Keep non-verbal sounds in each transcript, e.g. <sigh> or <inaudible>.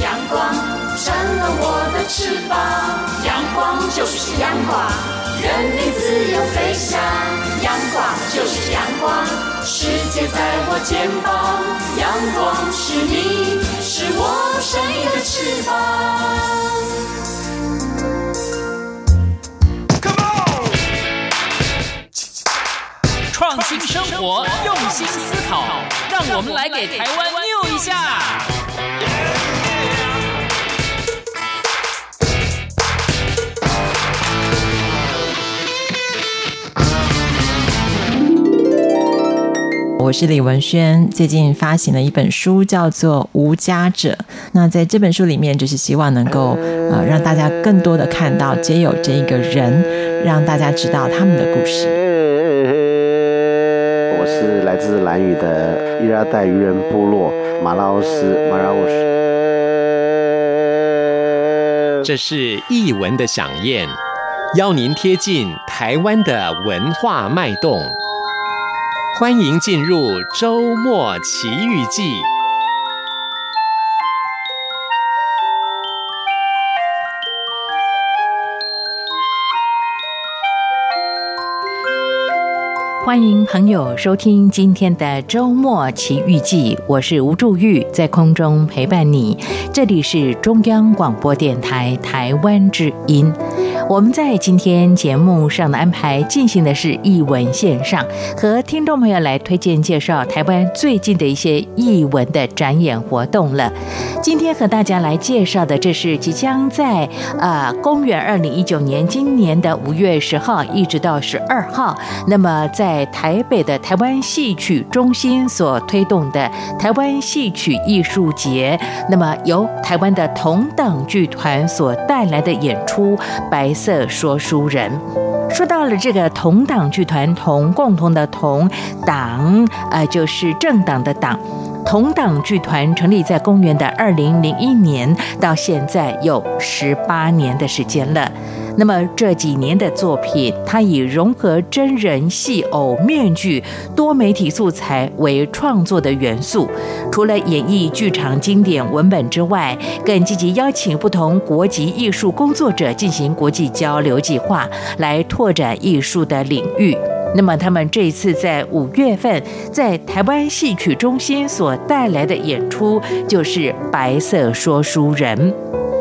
陽光成了我的翅膀，陽光就是陽光，人民自由飛翔。陽光就是陽光，世界在我肩膀。陽光是你，是我生命的翅膀。Come on，創新生活新，用心思考，讓我們來給台灣 new 一下。我是李文軒，最近發行了一本書，叫做《無家者》。那在這本書裡面，就是希望能夠呃讓大家更多的看到街友這一個人，讓大家知道他們的故事。我是來自蘭嶼的伊拉代漁人部落馬拉奧斯馬拉奧斯。這是藝文的饗宴，邀您貼近台灣的文化脈動。歡迎進入《週末奇遇記》。歡迎朋友收聽今天的《週末奇遇記》，我是吳祝玉，在空中陪伴你。這裡是中央廣播電臺，臺灣之音。我們在今天節目上的安排進行的是藝文線上，和聽眾朋友來推薦介紹台灣最近的一些藝文的展演活動了。今天和大家來介紹的，這是即將在呃、啊、公元二零一九年今年的五月十號一直到十二號，那麼在台北的台灣戲曲中心所推動的台灣戲曲藝術節，那麼由台灣的同黨劇團所帶來的演出白。色說書人，說到了這個同黨劇團，同共同的同黨，呃，就是政黨的黨。同黨劇團成立在公元的二零零一年，到現在有十八年的時間了。那麼這幾年的作品，它以融合真人戲偶、面具、多媒體素材為創作的元素，除了演繹劇場經典文本之外，更積極邀請不同國籍藝術工作者進行國際交流計劃，來拓展藝術的領域。那麼他們這一次在五月份在台灣戲曲中心所帶來的演出就是《白色說書人》。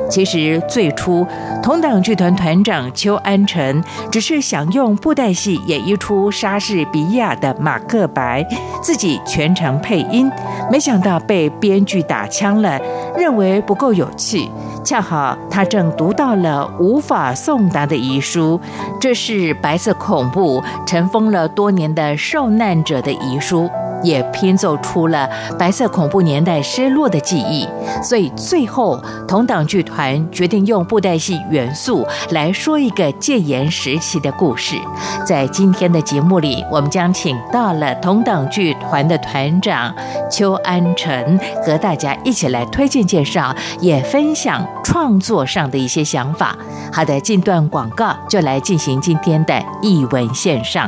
其實最初，同黨劇團團長邱安忱只是想用布袋戲演繹出莎士比亞的《馬克白》，自己全程配音，沒想到被編劇打槍了，認為不夠有趣。恰好他正讀到了無法送達的遺書，這是白色恐怖塵封了多年的受難者的遺書。也拼湊出了白色恐怖年代失落的記憶，所以最後同黨劇團決定用布袋戲元素來說一個戒嚴時期的故事。在今天的節目裡，我們將請到了同黨劇團的團長邱安忱和大家一起來推薦介紹，也分享創作上的一些想法。好的，進段廣告就來進行今天的藝文線上。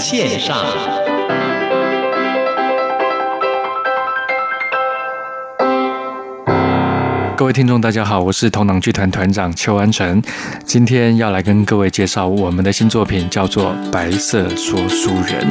線上，各位聽眾，大家好，我是同黨劇團團長邱安忱，今天要來跟各位介紹我們的新作品，叫做《白色說書人》。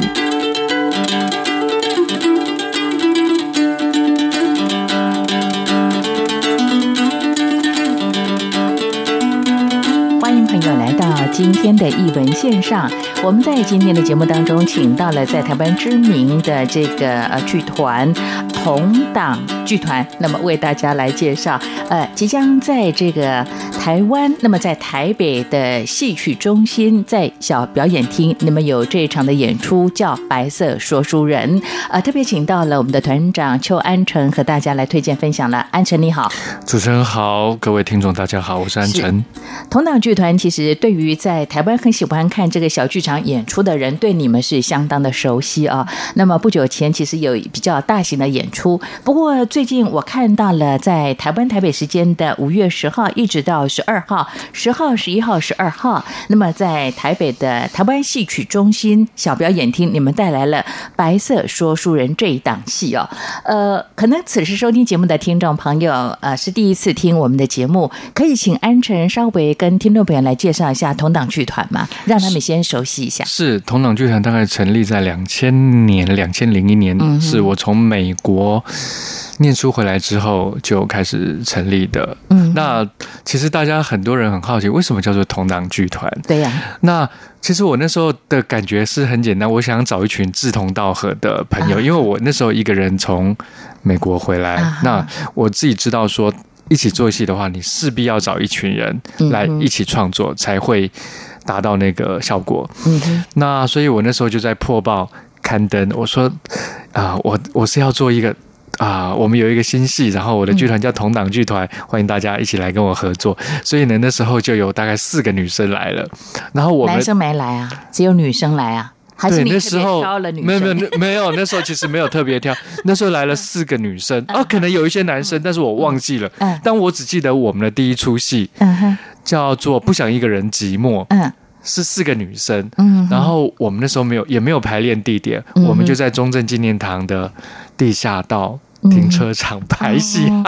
今天的藝文線上，我們在今天的節目當中，請到了在台灣知名的這個劇團同黨劇團，那麼為大家來介紹，呃，即將在這個。台灣，那麼在台北的戲曲中心，在小表演廳，你們有這一場的演出叫《白色說書人》啊、呃，特別請到了我們的團長邱安忱和大家來推薦分享了。安忱你好。主持人好，各位聽眾大家好，我是安忱。是，同黨劇團其實對於在台灣很喜歡看這個小劇場演出的人，對你們是相當的熟悉啊、哦。那麼不久前其實有比較大型的演出，不過最近我看到了在台灣台北時間的五月十號，一直到。十二號、十號、十一號、十二號，那麼在台北的台灣戲曲中心小表演廳，你們帶來了《白色說書人》這一檔戲哦。呃，可能此時收聽節目的聽眾朋友，呃，是第一次聽我們的節目，可以請安忱稍微跟聽眾朋友來介紹一下同黨劇團嘛，讓他們先熟悉一下。是同黨劇團，大概成立在兩千年、兩千零一年，是我從美國念書回來之後就開始成立的。嗯，那其實當。大家很多人很好奇，為什麼叫做同黨劇團？對呀、啊，那其實我那時候的感覺是很簡單，我想找一群志同道合的朋友，啊、因為我那時候一個人從美國回來，啊、那我自己知道說，一起做戲的話，你勢必要找一群人來一起創作、嗯，才會達到那個效果。嗯，那所以我那時候就在破報刊登，我說啊、呃，我我是要做一個。啊，我們有一個新戲，然後我的劇團叫同黨劇團、嗯，歡迎大家一起來跟我合作。所以呢，那時候就有大概四個女生來了，然後我們男生沒來啊，只有女生來啊。對，還是你挑了女生。那時候沒有沒有沒有，那時候其實沒有特別挑， <laughs> 那時候來了四個女生， <laughs> 啊，可能有一些男生，嗯、但是我忘記了、嗯。但我只記得我們的第一出戲，嗯、叫做不想一個人寂寞，嗯、是四個女生、嗯，然後我們那時候沒有也沒有排練地點、嗯，我們就在中正紀念堂的。地下道、停車場、嗯、排戲、嗯，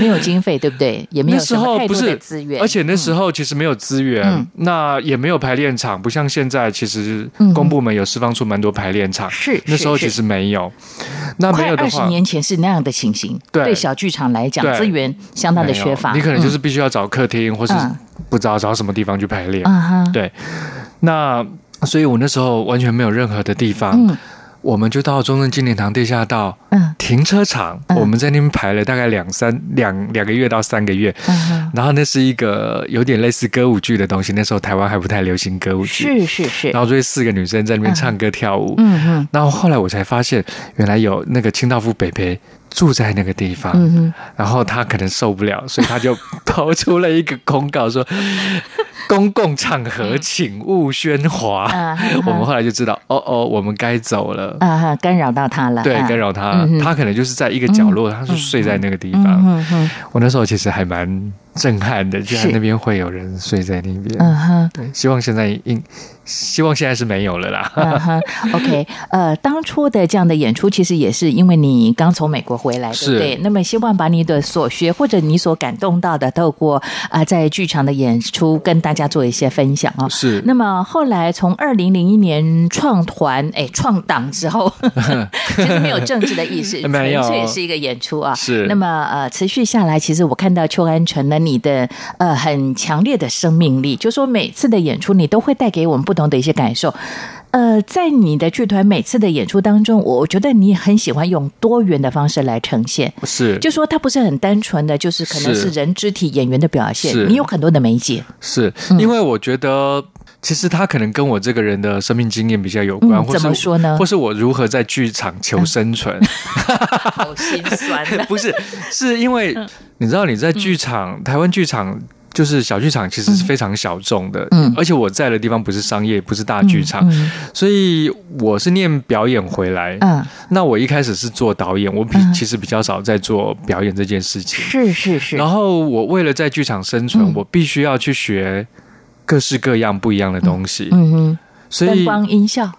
沒有經費，對不對？也沒有太多的資源，而且那時候其實沒有資源，嗯、那也沒有排練場，嗯、不像現在，其實公部門有釋放出蠻多排練場。是那時候其實沒有，那沒有的話，二十年前是那樣的情形。對，對小劇場來講，資源相當的缺乏，你可能就是必須要找客廳、嗯，或是不知道找什麼地方去排練。嗯對，嗯、對，那所以我那時候完全沒有任何的地方。嗯我們就到中正紀念堂地下道，嗯，停車場，嗯、我們在那邊排了大概兩三兩兩個月到三個月，嗯，然後那是一個有點類似歌舞劇的東西，那時候台灣還不太流行歌舞劇，是是是，然後就四個女生在那邊唱歌跳舞，嗯，然後後來我才發現，原來有那個清道夫伯伯。住在那個地方、嗯，然後他可能受不了，所以他就投出了一個公告說：“ <laughs> 公共場合請勿喧嘩。嗯”我們後來就知道，嗯、哦哦，我們該走了啊、嗯！干擾到他了，對，干擾他。嗯、他可能就是在一個角落，嗯、他是睡在那個地方、嗯。我那時候其實還蠻震撼的，居然那邊會有人睡在那邊。嗯哼，對。希望現在應。希望現在是沒有了啦、uh。-huh, OK，呃，當初的這樣的演出其實也是因為你剛從美國回來， <laughs> 對不對？那麼希望把你的所學或者你所感動到的都，透過啊在劇場的演出跟大家做一些分享啊、哦。是。那麼後來從二零零一年創團，哎、欸，創黨之後，就 <laughs> 是 <laughs> <laughs> 沒有政治的意思，這 <laughs> 也是一個演出啊。是。那麼呃，持續下來，其實我看到邱安忱了你的呃很強烈的生命力，就說每次的演出你都會帶給我們不。不同的一些感受，呃，在你的劇團每次的演出當中，我覺得你也很喜歡用多元的方式來呈現，是，就說它不是很單純的，就是可能是人肢體演員的表現，你有很多的媒介，是因為我覺得其實他可能跟我這個人的生命經驗比較有關、嗯，或嗯，怎麼說呢？或是我如何在劇場求生存？嗯、 <laughs> 好心酸、啊， <laughs> 不是，是因為你知道你在劇場，嗯、台灣劇場。就是小劇場其實是非常小眾的，嗯，而且我在的地方不是商業，不是大劇場，嗯嗯、所以我是念表演回來，嗯，那我一開始是做導演，嗯、我比其實比較少在做表演這件事情，嗯、是是是，然後我為了在劇場生存、嗯，我必須要去學各式各樣不一樣的東西，嗯，嗯哼，燈光音效。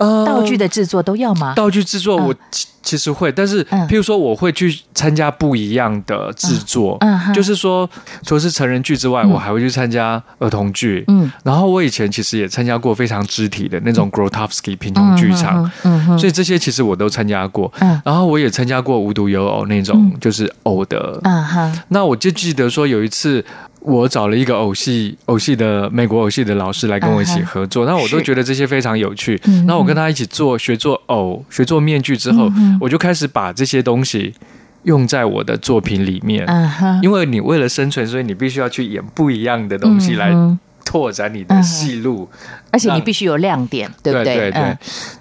呃，道具的製作都要嗎？道具製作我其實會，嗯、但是、嗯、譬如說我會去參加不一樣的製作、嗯嗯，就是說除了是成人劇之外、嗯，我還會去參加兒童劇、嗯。然後我以前其實也參加過非常肢體的那種 Grotowski 貧窮劇場、嗯嗯嗯，所以這些其實我都參加過、嗯。然後我也參加過無獨有偶那種，嗯、就是偶的、嗯。那我就記得說有一次。我找了一個偶戲、偶戲的美國偶戲的老師來跟我一起合作，Uh-huh. 那我都覺得這些非常有趣。那我跟他一起做、學做偶、學做面具之後，Uh-huh. 我就開始把這些東西用在我的作品裡面。Uh-huh. 因為你為了生存，所以你必須要去演不一樣的東西來。拓展你的戲路、uh-huh.，而且你必須有亮點、嗯，對不對？對對，對。Uh-huh.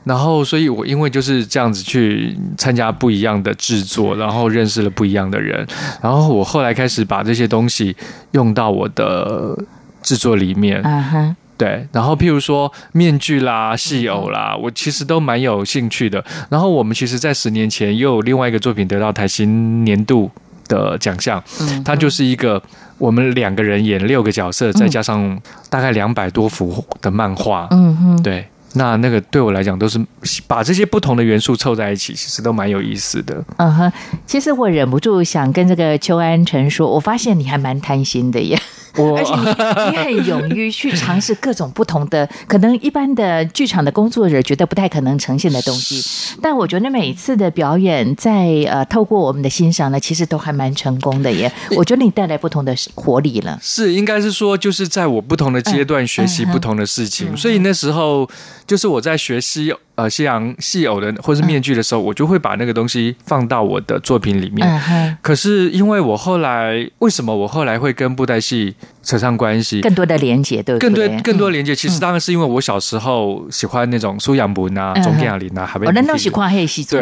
然後，所以我因為就是這樣子去參加不一樣的制作，然後認識了不一樣的人。然後我後來開始把這些東西用到我的制作裡面。嗯、uh-huh. 對。然後，譬如說面具啦、戲偶啦，uh-huh. 我其實都蠻有興趣的。然後，我們其實在十年前又有另外一個作品得到台新年度的獎項，uh-huh. 它就是一個。我們兩個人演六個角色，再加上大概兩百多幅的漫畫，嗯哼，對，那那個對我來講都是把這些不同的元素湊在一起，其實都蠻有意思的。嗯哼，其實我忍不住想跟這個邱安忱說，我發現你還蠻貪心的耶。我而且你 <laughs> 你很勇於去嘗試各種不同的，可能一般的劇場的工作者覺得不太可能呈現的東西，但我覺得每一次的表演在，在呃透過我們的欣賞呢，其實都還蠻成功的耶。我覺得你帶來不同的活力了。是應該是說，就是在我不同的階段學習不同的事情、嗯嗯嗯，所以那時候就是我在學習。呃，西洋戲偶的或是面具的時候、嗯，我就會把那個東西放到我的作品裡面。嗯、可是因為我後來為什麼我後來會跟布袋戲扯上關係？更多的連接，更多更多連接、嗯，其實當然是因為我小時候喜歡那種蘇揚文啊、鐘電亞林啊，嗯嗯、還邊、哦哦哦哦哦。我那喜歡黑戲足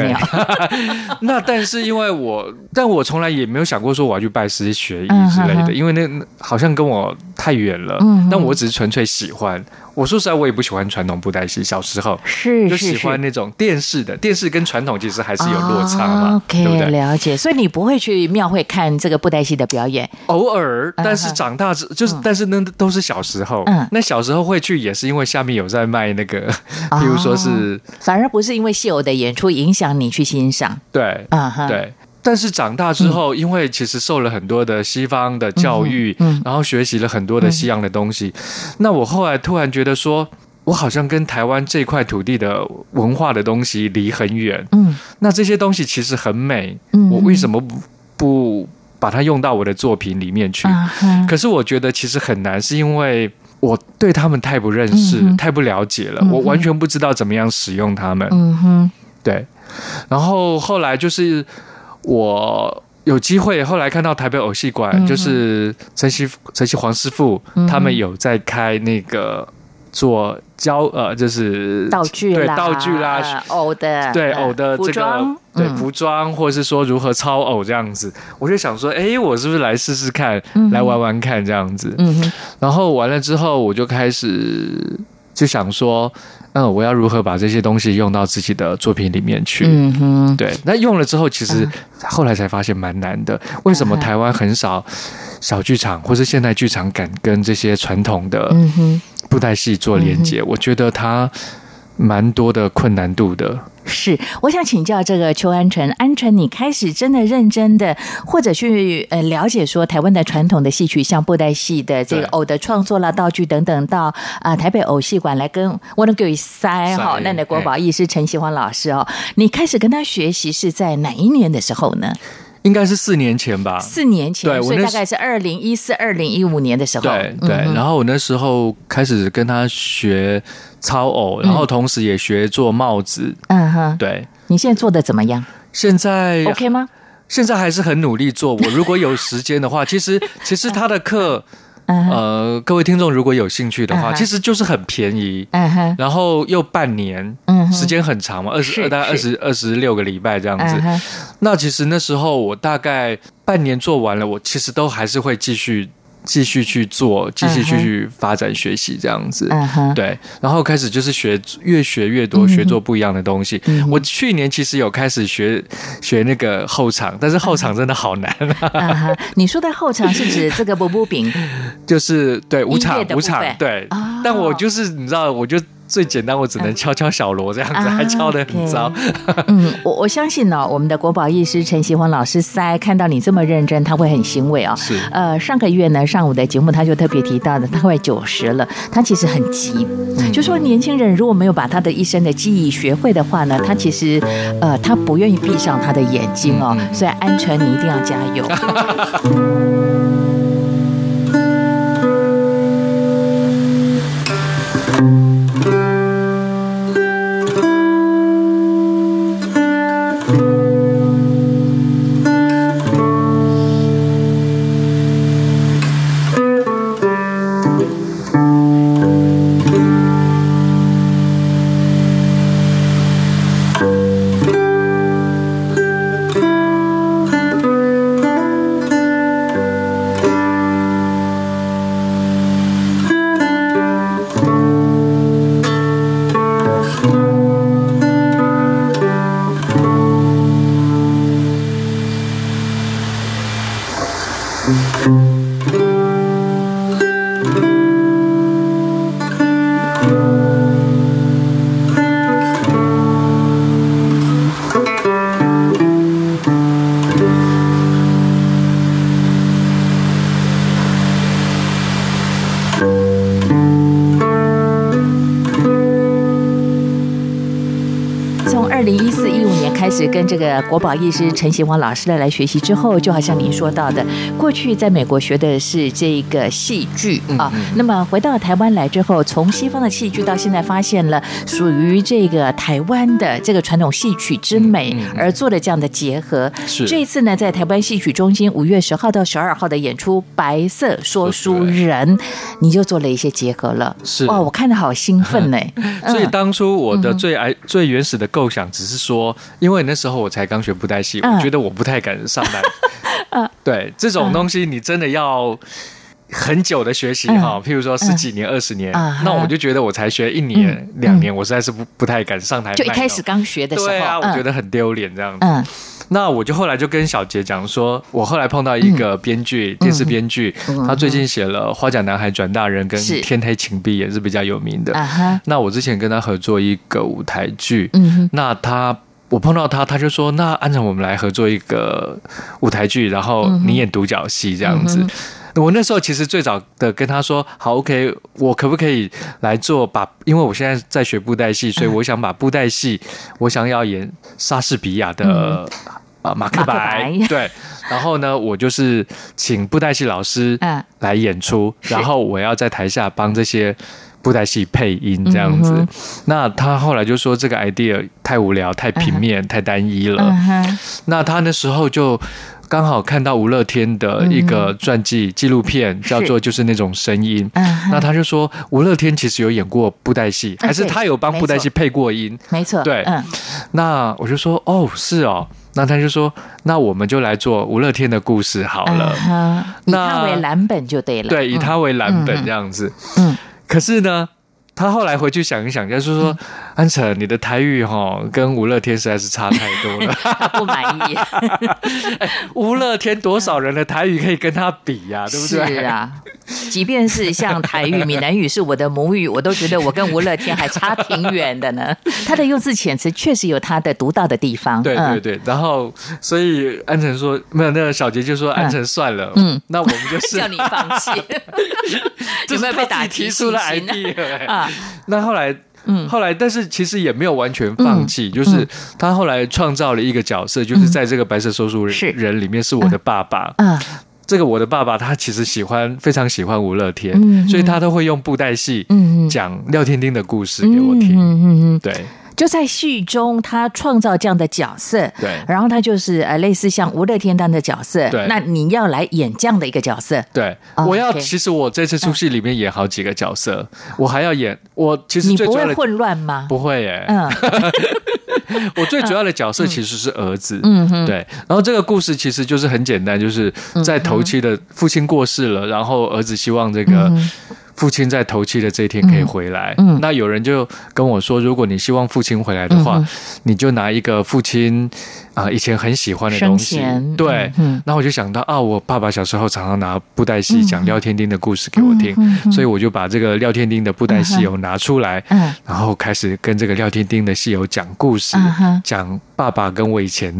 那，但是因為我， <laughs> 但我從來也沒有想過說我要去拜師學藝之類的、嗯，因為那好像跟我太遠了。嗯，但我只是純粹喜歡、嗯嗯。我說實在，我也不喜歡傳統布袋戲。小時候是是。就是喜歡那種電視的電視跟傳統其實還是有落差嘛，oh, okay, 對不對？了解，所以你不會去廟會看這個布袋戲的表演，偶爾。Uh -huh. 但是長大之就是，uh -huh. 但是那都是小時候。嗯、uh -huh.，那小時候會去也是因為下面有在賣那個，譬、uh -huh. 如說是。Uh -huh. 反而不是因為戲偶的演出影響你去欣賞，對，啊、uh -huh. 對。但是長大之後，uh -huh. 因為其實受了很多的西方的教育，uh -huh. 然後學習了很多的西洋的東西，uh -huh. 那我後來突然覺得說。我好像跟台灣這塊土地的文化的東西離很遠，嗯，那這些東西其實很美，嗯、我為什麼不，不把它用到我的作品裡面去，嗯？可是我覺得其實很難，是因為我對他們太不認識，嗯、太不了解了，嗯，我完全不知道怎麼樣使用他們，嗯哼，對。然後後來就是我有機會後來看到台北偶戲館，嗯，就是陳錫、陳錫煌師傅，嗯、他們有在開那個。嗯做教呃就是道具對道具啦，道具啦、呃、偶的對偶的這個服對服裝，或者是說如何操偶這樣子、嗯，我就想說，哎、欸，我是不是來試試看，來玩玩看這樣子。嗯、然後完了之後，我就開始就想說，嗯、呃，我要如何把這些東西用到自己的作品裡面去？嗯哼，對，那用了之後，其實後來才發現蠻難的。為什麼台灣很少小劇場或是現代劇場敢跟這些傳統的？嗯哼。.布袋戲做連結、嗯、我覺得他蠻多的困難度的。是，我想請教這個邱安忱，安忱，你開始真的認真的，或者去呃了解說台灣的傳統的戲曲，像布袋戲的這個偶的創作啦、道具等等，到啊台北偶戲館來跟我能你塞，塞好，那的國寶藝師陳錫煌老師哦、欸，你開始跟他學習是在哪一年的時候呢？應該是四年前吧，四年前，對，我所以大概是二零一四、二零一五年的時候，對對嗯嗯。然後我那時候開始跟他學操偶、嗯，然後同時也學做帽子。嗯哼，對，你現在做的怎麼樣？現在 OK 嗎？現在還是很努力做。我如果有時間的話， <laughs> 其實其實他的課。 <laughs> Uh -huh. 呃，各位聽眾如果有興趣的話，uh -huh. 其實就是很便宜，uh -huh. 然後又半年，uh -huh. 時間很長嘛，二十二大概二十二十六個禮拜這樣子。Uh -huh. 那其實那時候我大概半年做完了，我其實都還是會繼續。繼續去做，繼續，繼續去發展、學習這樣子，uh -huh. 對。然後開始就是學，越學越多，uh -huh. 學做不一樣的東西。Uh -huh. 我去年其實有開始學學那個後場，但是後場真的好難。Uh -huh. Uh -huh. <laughs> 你說的後場是指這個薄薄餅，就是對，武場，武場，對，場場對 uh -huh. 但我就是你知道，我就。最簡單，我只能敲敲小鑼、嗯、這樣子，還敲的很糟。啊 okay. <laughs> 嗯，我我相信呢、哦，我們的國寶藝師陳錫煌老師塞看到你這麼認真，他會很欣慰啊、哦。是，呃，上個月呢上午的節目，他就特別提到的，他快九十了，他其實很急、嗯，就說年輕人如果沒有把他的一生的記憶學會的話呢，他其實呃他不願意閉上他的眼睛哦，嗯、所以安忱，你一定要加油。 <laughs> 跟這個國寶藝師陳錫煌老師的來，來學習之後，就好像您說到的，過去在美國學的是這個戲劇啊、哦。那麼回到台灣來之後，從西方的戲劇到現在發現了屬於這個台灣的這個傳統戲曲之美，而做了這樣的結合。是這一次呢，在台灣戲曲中心五月十號到十二號的演出《白色說書人》，你就做了一些結合了。是哦，我看得好興奮呢、哎嗯。 <laughs> 所以當初我的最愛、最原始的構想，只是說，因為那時候。之後我才剛學布袋戲，我覺得我不太敢上台。嗯、對、嗯、這種東西，你真的要很久的學習哈、嗯。譬如說十幾年、二、嗯、十年、嗯，那我就覺得我才學一年、嗯、兩年，我實在是不、嗯、不太敢上台。就一開始剛學的時候，對啊、嗯，我覺得很丟臉這樣子。嗯、那我就後來就跟小杰講說，我後來碰到一個編劇，嗯、電視編劇、嗯，他最近寫了《花甲男孩轉大人》跟《天黑請閉眼》也是比較有名的、嗯。那我之前跟他合作一個舞台劇，嗯、那他。我碰到他，他就說：“那安怎我們來合作一個舞台劇，然後你演獨角戲這樣子。嗯”我那時候其實最早的跟他說：“好，OK，我可不可以來做把？把因為我現在在學布袋戲，所以我想把布袋戲、嗯，我想要演莎士比亞的馬克白、嗯、馬克白。對。然後呢，我就是請布袋戲老師來演出、嗯，然後我要在台下幫這些。”布袋戲配音這樣子，mm -hmm. 那他後來就說這個 idea 太無聊、太平面、uh -huh. 太單一了。Uh -huh. 那他那時候就剛好看到吳樂天的一個傳記紀錄片，uh -huh. 叫做《就是那種聲音》uh。-huh. 那他就說吳樂天其實有演過布袋戲，uh -huh. 還是他有幫布袋戲配過音？沒錯，對。那我就說哦，是哦。那他就說，那我們就來做吳樂天的故事好了。Uh -huh. 那以他為藍本就對了，對、嗯，以他為藍本這樣子，嗯。嗯可是呢，他後來回去想一想，就是說。嗯安忱，你的台語吼跟吳樂天實在是差太多了， <laughs> 不滿意。吳、欸、樂天多少人的台語可以跟他比呀、啊？ <laughs> 對不對？是啊，即便是像台語、閩 <laughs> 南語是我的母語，我都覺得我跟吳樂天還差挺遠的呢。 <laughs> 他的用字遣詞確實有他的獨到的地方。對對對，嗯、然後所以安忱說沒有，那個小杰就說安忱算了嗯，嗯，那我們就是 <laughs> 叫你放棄、 <laughs> <laughs> <laughs> 欸，有沒有被打提出了 i 啊？那後來。嗯，後來，但是其實也沒有完全放棄、嗯嗯，就是他後來創造了一個角色、嗯，就是在這個白色說書人，人裡面是我的爸爸。嗯，這個我的爸爸他其實喜歡非常喜歡吳樂天、嗯，所以他都會用布袋戲講廖添丁的故事給我聽。嗯，對。就在戲中，他創造這樣的角色，對，然後他就是呃，類似像吳樂天丹的角色，對。那你要來演這樣的一個角色，對。Okay, 我要，其實我這次出戲裡面演好幾個角色，我還要演，啊、我其實最主要的你不會混亂嗎？不會、欸，耶？嗯， <laughs> <laughs> 我最主要的角色其實是兒子，嗯對。然後這個故事其實就是很簡單，就是在頭七的父親過世了，嗯、然後兒子希望這個。嗯嗯父親在頭七的這一天可以回來，嗯嗯。那有人就跟我說，如果你希望父親回來的話，嗯，你就拿一個父親。啊，以前很喜歡的東西，對，那、嗯、我就想到啊，我爸爸小時候常常拿布袋戲講廖添丁的故事給我聽、嗯，所以我就把這個廖添丁的布袋戲偶拿出來、嗯，然後開始跟這個廖添丁的戲偶講故事，講、嗯、爸爸跟我以前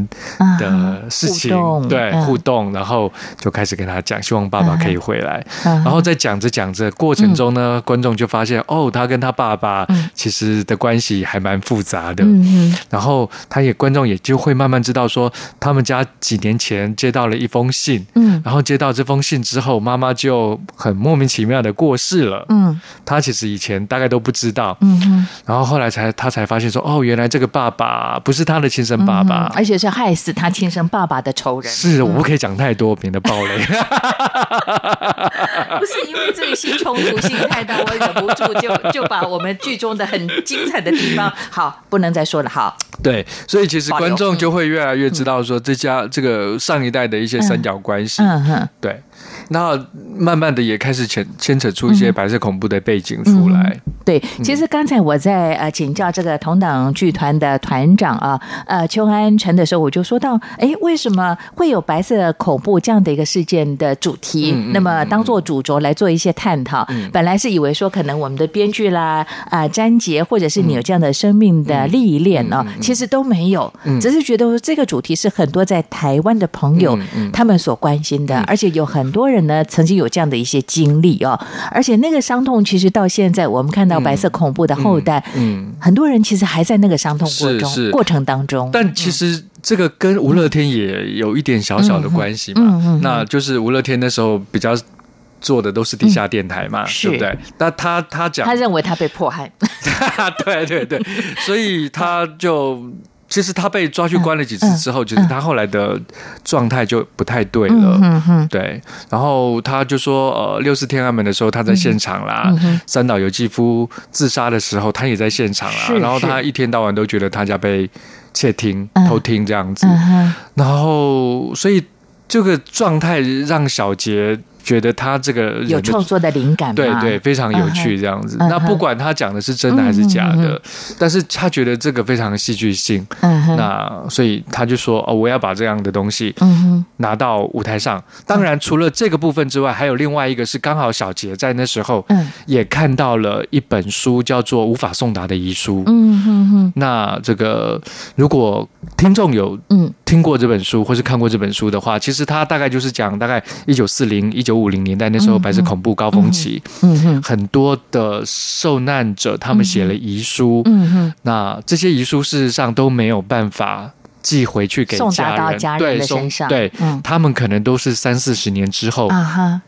的事情，嗯、互動對，互動、嗯，然後就開始跟他講，希望爸爸可以回來。嗯、然後在講着講着過程中呢，嗯、觀眾就發現哦，他跟他爸爸其實的關係還蠻複雜的、嗯，然後他也觀眾也就會慢慢。知道說他們家幾年前接到了一封信，嗯，然後接到這封信之後，媽媽就很莫名其妙的過世了，嗯，他其實以前大概都不知道，嗯，嗯然後後來才他才發現說，哦，原來這個爸爸不是他的親生爸爸、嗯，而且是害死他親生爸爸的仇人，是，我不可以講太多，免得暴雷，嗯、 <laughs> <laughs> <laughs> 不是因為這個戲衝突性太大，我忍不住就就把我們劇中的很精彩的地方，好，不能再說了，好，對，所以其實觀眾就會越來越知道說這家這個上一代的一些三角關係，嗯嗯、對。那慢慢的也開始牽牽扯出一些白色恐怖的背景出來。嗯嗯、對，其實剛才我在呃請教這個同黨劇團的團長啊、嗯，呃邱安忱的時候，我就說到，哎，為什麼會有白色恐怖這樣的一個事件的主題，嗯嗯嗯、那麼當做主軸來做一些探討、嗯嗯？本來是以為說可能我們的編劇啦啊詹杰，呃、或者是你有這樣的生命的歷練哦、嗯嗯嗯，其實都沒有，嗯、只是覺得說這個主題是很多在台灣的朋友他們所關心的，嗯嗯嗯、而且有很多人。呢，曾經有這樣的一些經歷哦，而且那個傷痛，其實到現在我們看到白色恐怖的後代，嗯，嗯很多人其實還在那個傷痛過中是是過程當中。但其實這個跟吳樂天也有一點小小的關係嘛，嗯嗯、那就是吳樂天那時候比較做的都是地下電台嘛，嗯、對不對？那他他講，他認為他被迫害， <laughs> 對對對，所以他就。其實他被抓去關了幾次之後，其、嗯嗯就是他後來的狀態就不太對了。嗯嗯、對，然後他就說，呃，六四天安門的時候他在現場啦，嗯嗯、三島由紀夫自殺的時候他也在現場啊。然後他一天到晚都覺得他家被竊聽、嗯、偷聽這樣子、嗯嗯。然後，所以這個狀態讓小杰。覺得他這個有創作的靈感，對對，非常有趣這樣子。Uh-huh. Uh-huh. 那不管他講的是真的還是假的，uh-huh. 但是他覺得這個非常戲劇性。Uh-huh. 那所以他就說哦，我要把這樣的東西拿到舞台上。Uh-huh. 當然，除了這個部分之外，還有另外一個是，剛好小杰在那時候也看到了一本書，叫做《無法送達的遺書》。Uh-huh. 那這個如果。聽眾有聽過這本書，或是看過這本書的話，其實它大概就是講大概一九四零、一九五零年代那時候白色恐怖高峰期，嗯哼，嗯哼，很多的受難者他們寫了遺書，嗯，嗯哼，那這些遺書事實上都沒有辦法。寄回去給家人，家人的身上對，送對、嗯，他們可能都是三四十年之後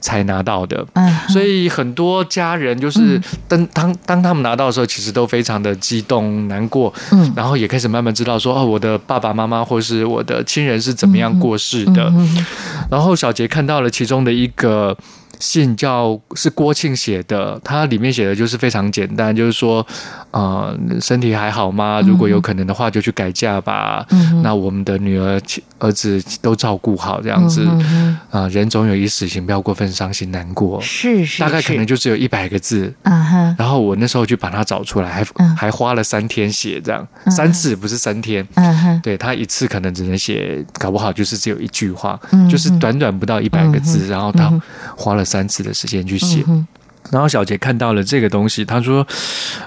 才拿到的，啊、所以很多家人就是當、嗯、當當他們拿到的時候，其實都非常的激動、難過，嗯、然後也開始慢慢知道說，哦，我的爸爸媽媽或是我的親人是怎麼樣過世的，嗯嗯嗯嗯嗯、然後小杰看到了其中的一個。信叫是郭慶寫的，他裡面寫的就是非常簡單，就是說，呃，身體還好嗎？如果有可能的話，就去改嫁吧。Mm -hmm. 那我們的女兒、兒子都照顧好，這樣子啊、mm -hmm. 呃，人總有一死，請不要過分傷心難過。是，是。大概可能就只有一百個字。啊哼。然後我那時候就把它找出來，還還花了三天寫這樣，mm -hmm. 三次不是三天。Mm -hmm. 對他一次可能只能寫，搞不好就是只有一句話，mm -hmm. 就是短短不到一百個字，mm -hmm. 然後他、mm -hmm. 花了。三次的時間去寫，然後小杰看到了這個東西，他說：“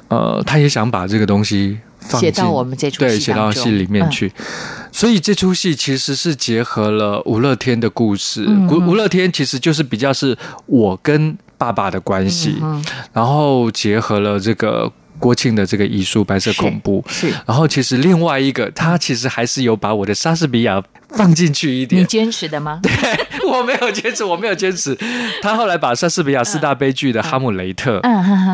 呃，他也想把這個東西寫到我們這齣戲裡面去。嗯”所以這齣戲其實是結合了吳樂天的故事。吳吳樂天其實就是比較是我跟爸爸的關係、嗯，然後結合了這個。國慶的這個遺書白色恐怖。是，是，然後其實另外一個，他其實還是有把我的莎士比亞放進去一點。你堅持的嗎？ <laughs> 對，我沒有堅持，我沒有堅持。他後來把莎士比亞四大悲劇的《哈姆雷特》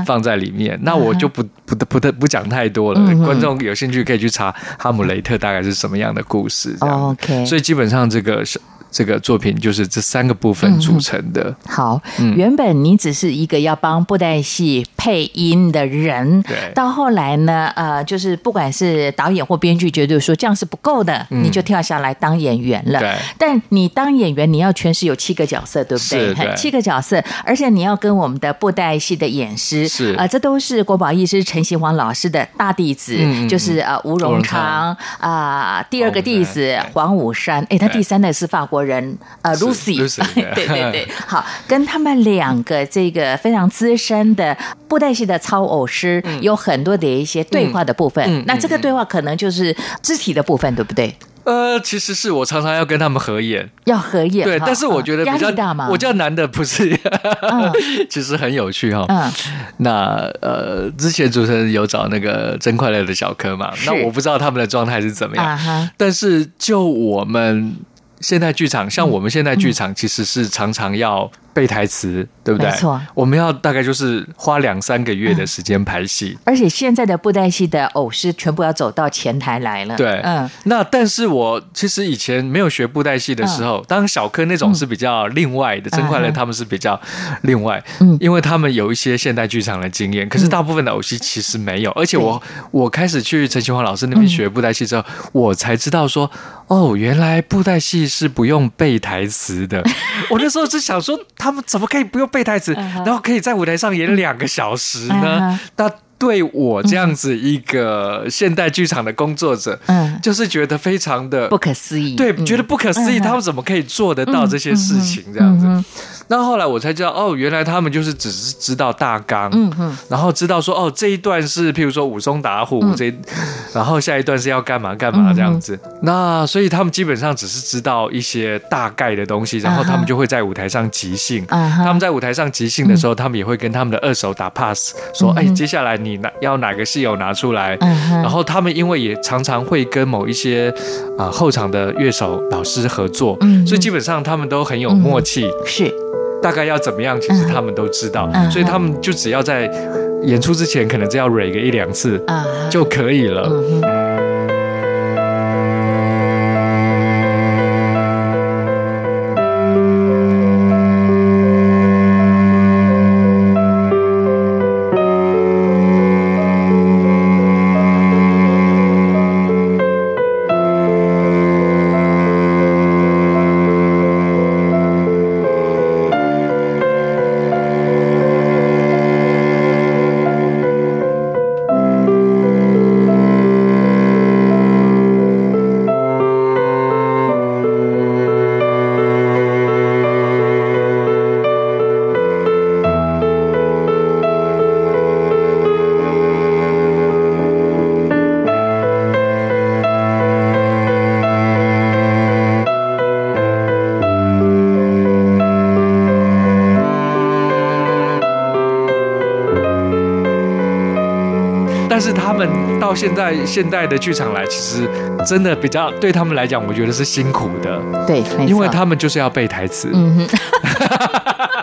放在裡面，嗯、那我就不不不不不講太多了。觀眾有興趣可以去查《哈姆雷特》大概是什麼樣的故事這樣。哦、OK。所以基本上這個是。這個作品就是這三個部分組成的，嗯。好，原本你只是一個要幫布袋戲配音的人，對、嗯。到後來呢，呃，就是不管是導演或編劇覺得說這樣是不夠的，嗯，你就跳下來當演員了。嗯、對。但你當演員，你要全是有七個角色，對不對，對？七個角色，而且你要跟我們的布袋戲的演師是啊、呃，這都是國寶藝師陳錫煌老師的大弟子，嗯、就是呃吳榮昌啊、呃，第二個弟子黃、okay, 武山。哎，他第三代是法國。人呃 Lucy 對對對呵呵，好，跟他們兩個這個非常資深的布袋戲的操偶師、嗯、有很多的一些對話的部分、嗯。那這個對話可能就是肢體的部分、嗯，對不對？呃，其實是我常常要跟他們合演，要合演。對，哦、但是我覺得比較、嗯、大嘛，我叫男的不是，嗯、 <laughs> 其實很有趣哈、哦。嗯，那呃，之前主持人有找那個真快樂的小柯嘛？那我不知道他們的狀態是怎麼樣，啊、但是就我們。嗯現代劇場像我們現在劇場、嗯、其實是常常要背台詞、嗯，對不對？沒錯，我們要大概就是花兩三個月的時間排戲、嗯，而且現在的布袋戲的偶戲全部要走到前台來了。對，嗯。那但是我其實以前沒有學布袋戲的時候、嗯，當小柯那種是比較另外的，嗯、真快樂他們是比較另外、嗯，因為他們有一些現代劇場的經驗、嗯，可是大部分的偶戲其實沒有。嗯、而且我我開始去陳錫煌老師那邊學布袋戲之後、嗯，我才知道說。哦，原來布袋戲是不用背台詞的。 <laughs> 我那時候是想說，他們怎麼可以不用背台詞， <laughs> 然後可以在舞台上演兩個小時呢？ <laughs> 那對我這樣子一個現代劇場的工作者，嗯 <laughs> <laughs> <laughs> 就是覺得非常的 <laughs> 不可思議。對， <laughs> 覺得不可思議，他們怎麼可以做得到這些事情？這樣子。 <laughs> <laughs> <laughs> 那後來我才知道，哦，原來他們就是只是知道大綱，嗯、然後知道說，哦，這一段是譬如說武松打虎，嗯、這，然後下一段是要幹嘛幹嘛，嗯、這樣子。那所以他們基本上只是知道一些大概的東西，然後他們就會在舞台上即興，啊。他們在舞台上即興的時候，嗯，他們也會跟他們的二手打 pass、嗯、說，哎，接下來你拿要哪個戲偶拿出來，嗯。然後他們因為也常常會跟某一些啊、呃、後場的樂手老師合作、嗯，所以基本上他們都很有默契，嗯、是。大概要怎麼樣？其實他們都知道，uh -huh. 所以他們就只要在演出之前，可能只要 re 個一兩次就可以了。Uh -huh. Uh -huh. 現在現代的劇場來，其實真的比較對他們來講，我覺得是辛苦的。對，因為他們就是要背台詞。嗯、哼 <laughs>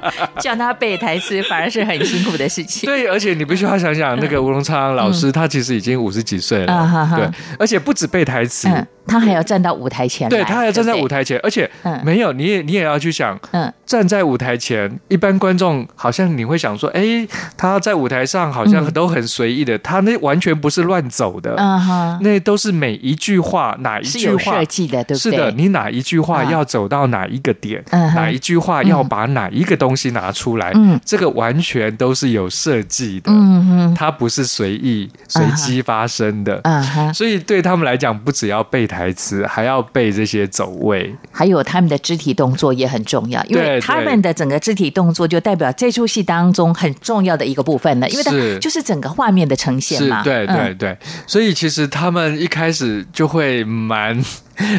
<laughs> 叫他背台詞，反而是很辛苦的事情。對，而且你必須要想想，那個吳榮昌老師、嗯，他其實已經五十幾歲了、嗯。對，而且不止背台詞、嗯，他還要站到舞台前。對，他還要站在舞台前，而且、嗯、沒有，你也你也要去想。嗯。站在舞台前，一般觀眾好像你會想說，哎、欸，他在舞台上好像都很隨意的、嗯，他那完全不是亂走的、嗯哼，那都是每一句話哪一句話是有設計的，對不對？是的，你哪一句話要走到哪一個點，啊嗯、哪一句話要把哪一個東西拿出來，嗯、這個完全都是有設計的、嗯哼，他不是隨意隨機、嗯、發生的、嗯哼，所以對他們來講，不只要背台詞，還要背這些走位，還有他們的肢體動作也很重要，因為對。他們的整個肢體動作就代表這出戲當中很重要的一個部分呢，因為它就是整個畫面的呈現嘛。是是對對對、嗯，所以其實他們一開始就會蠻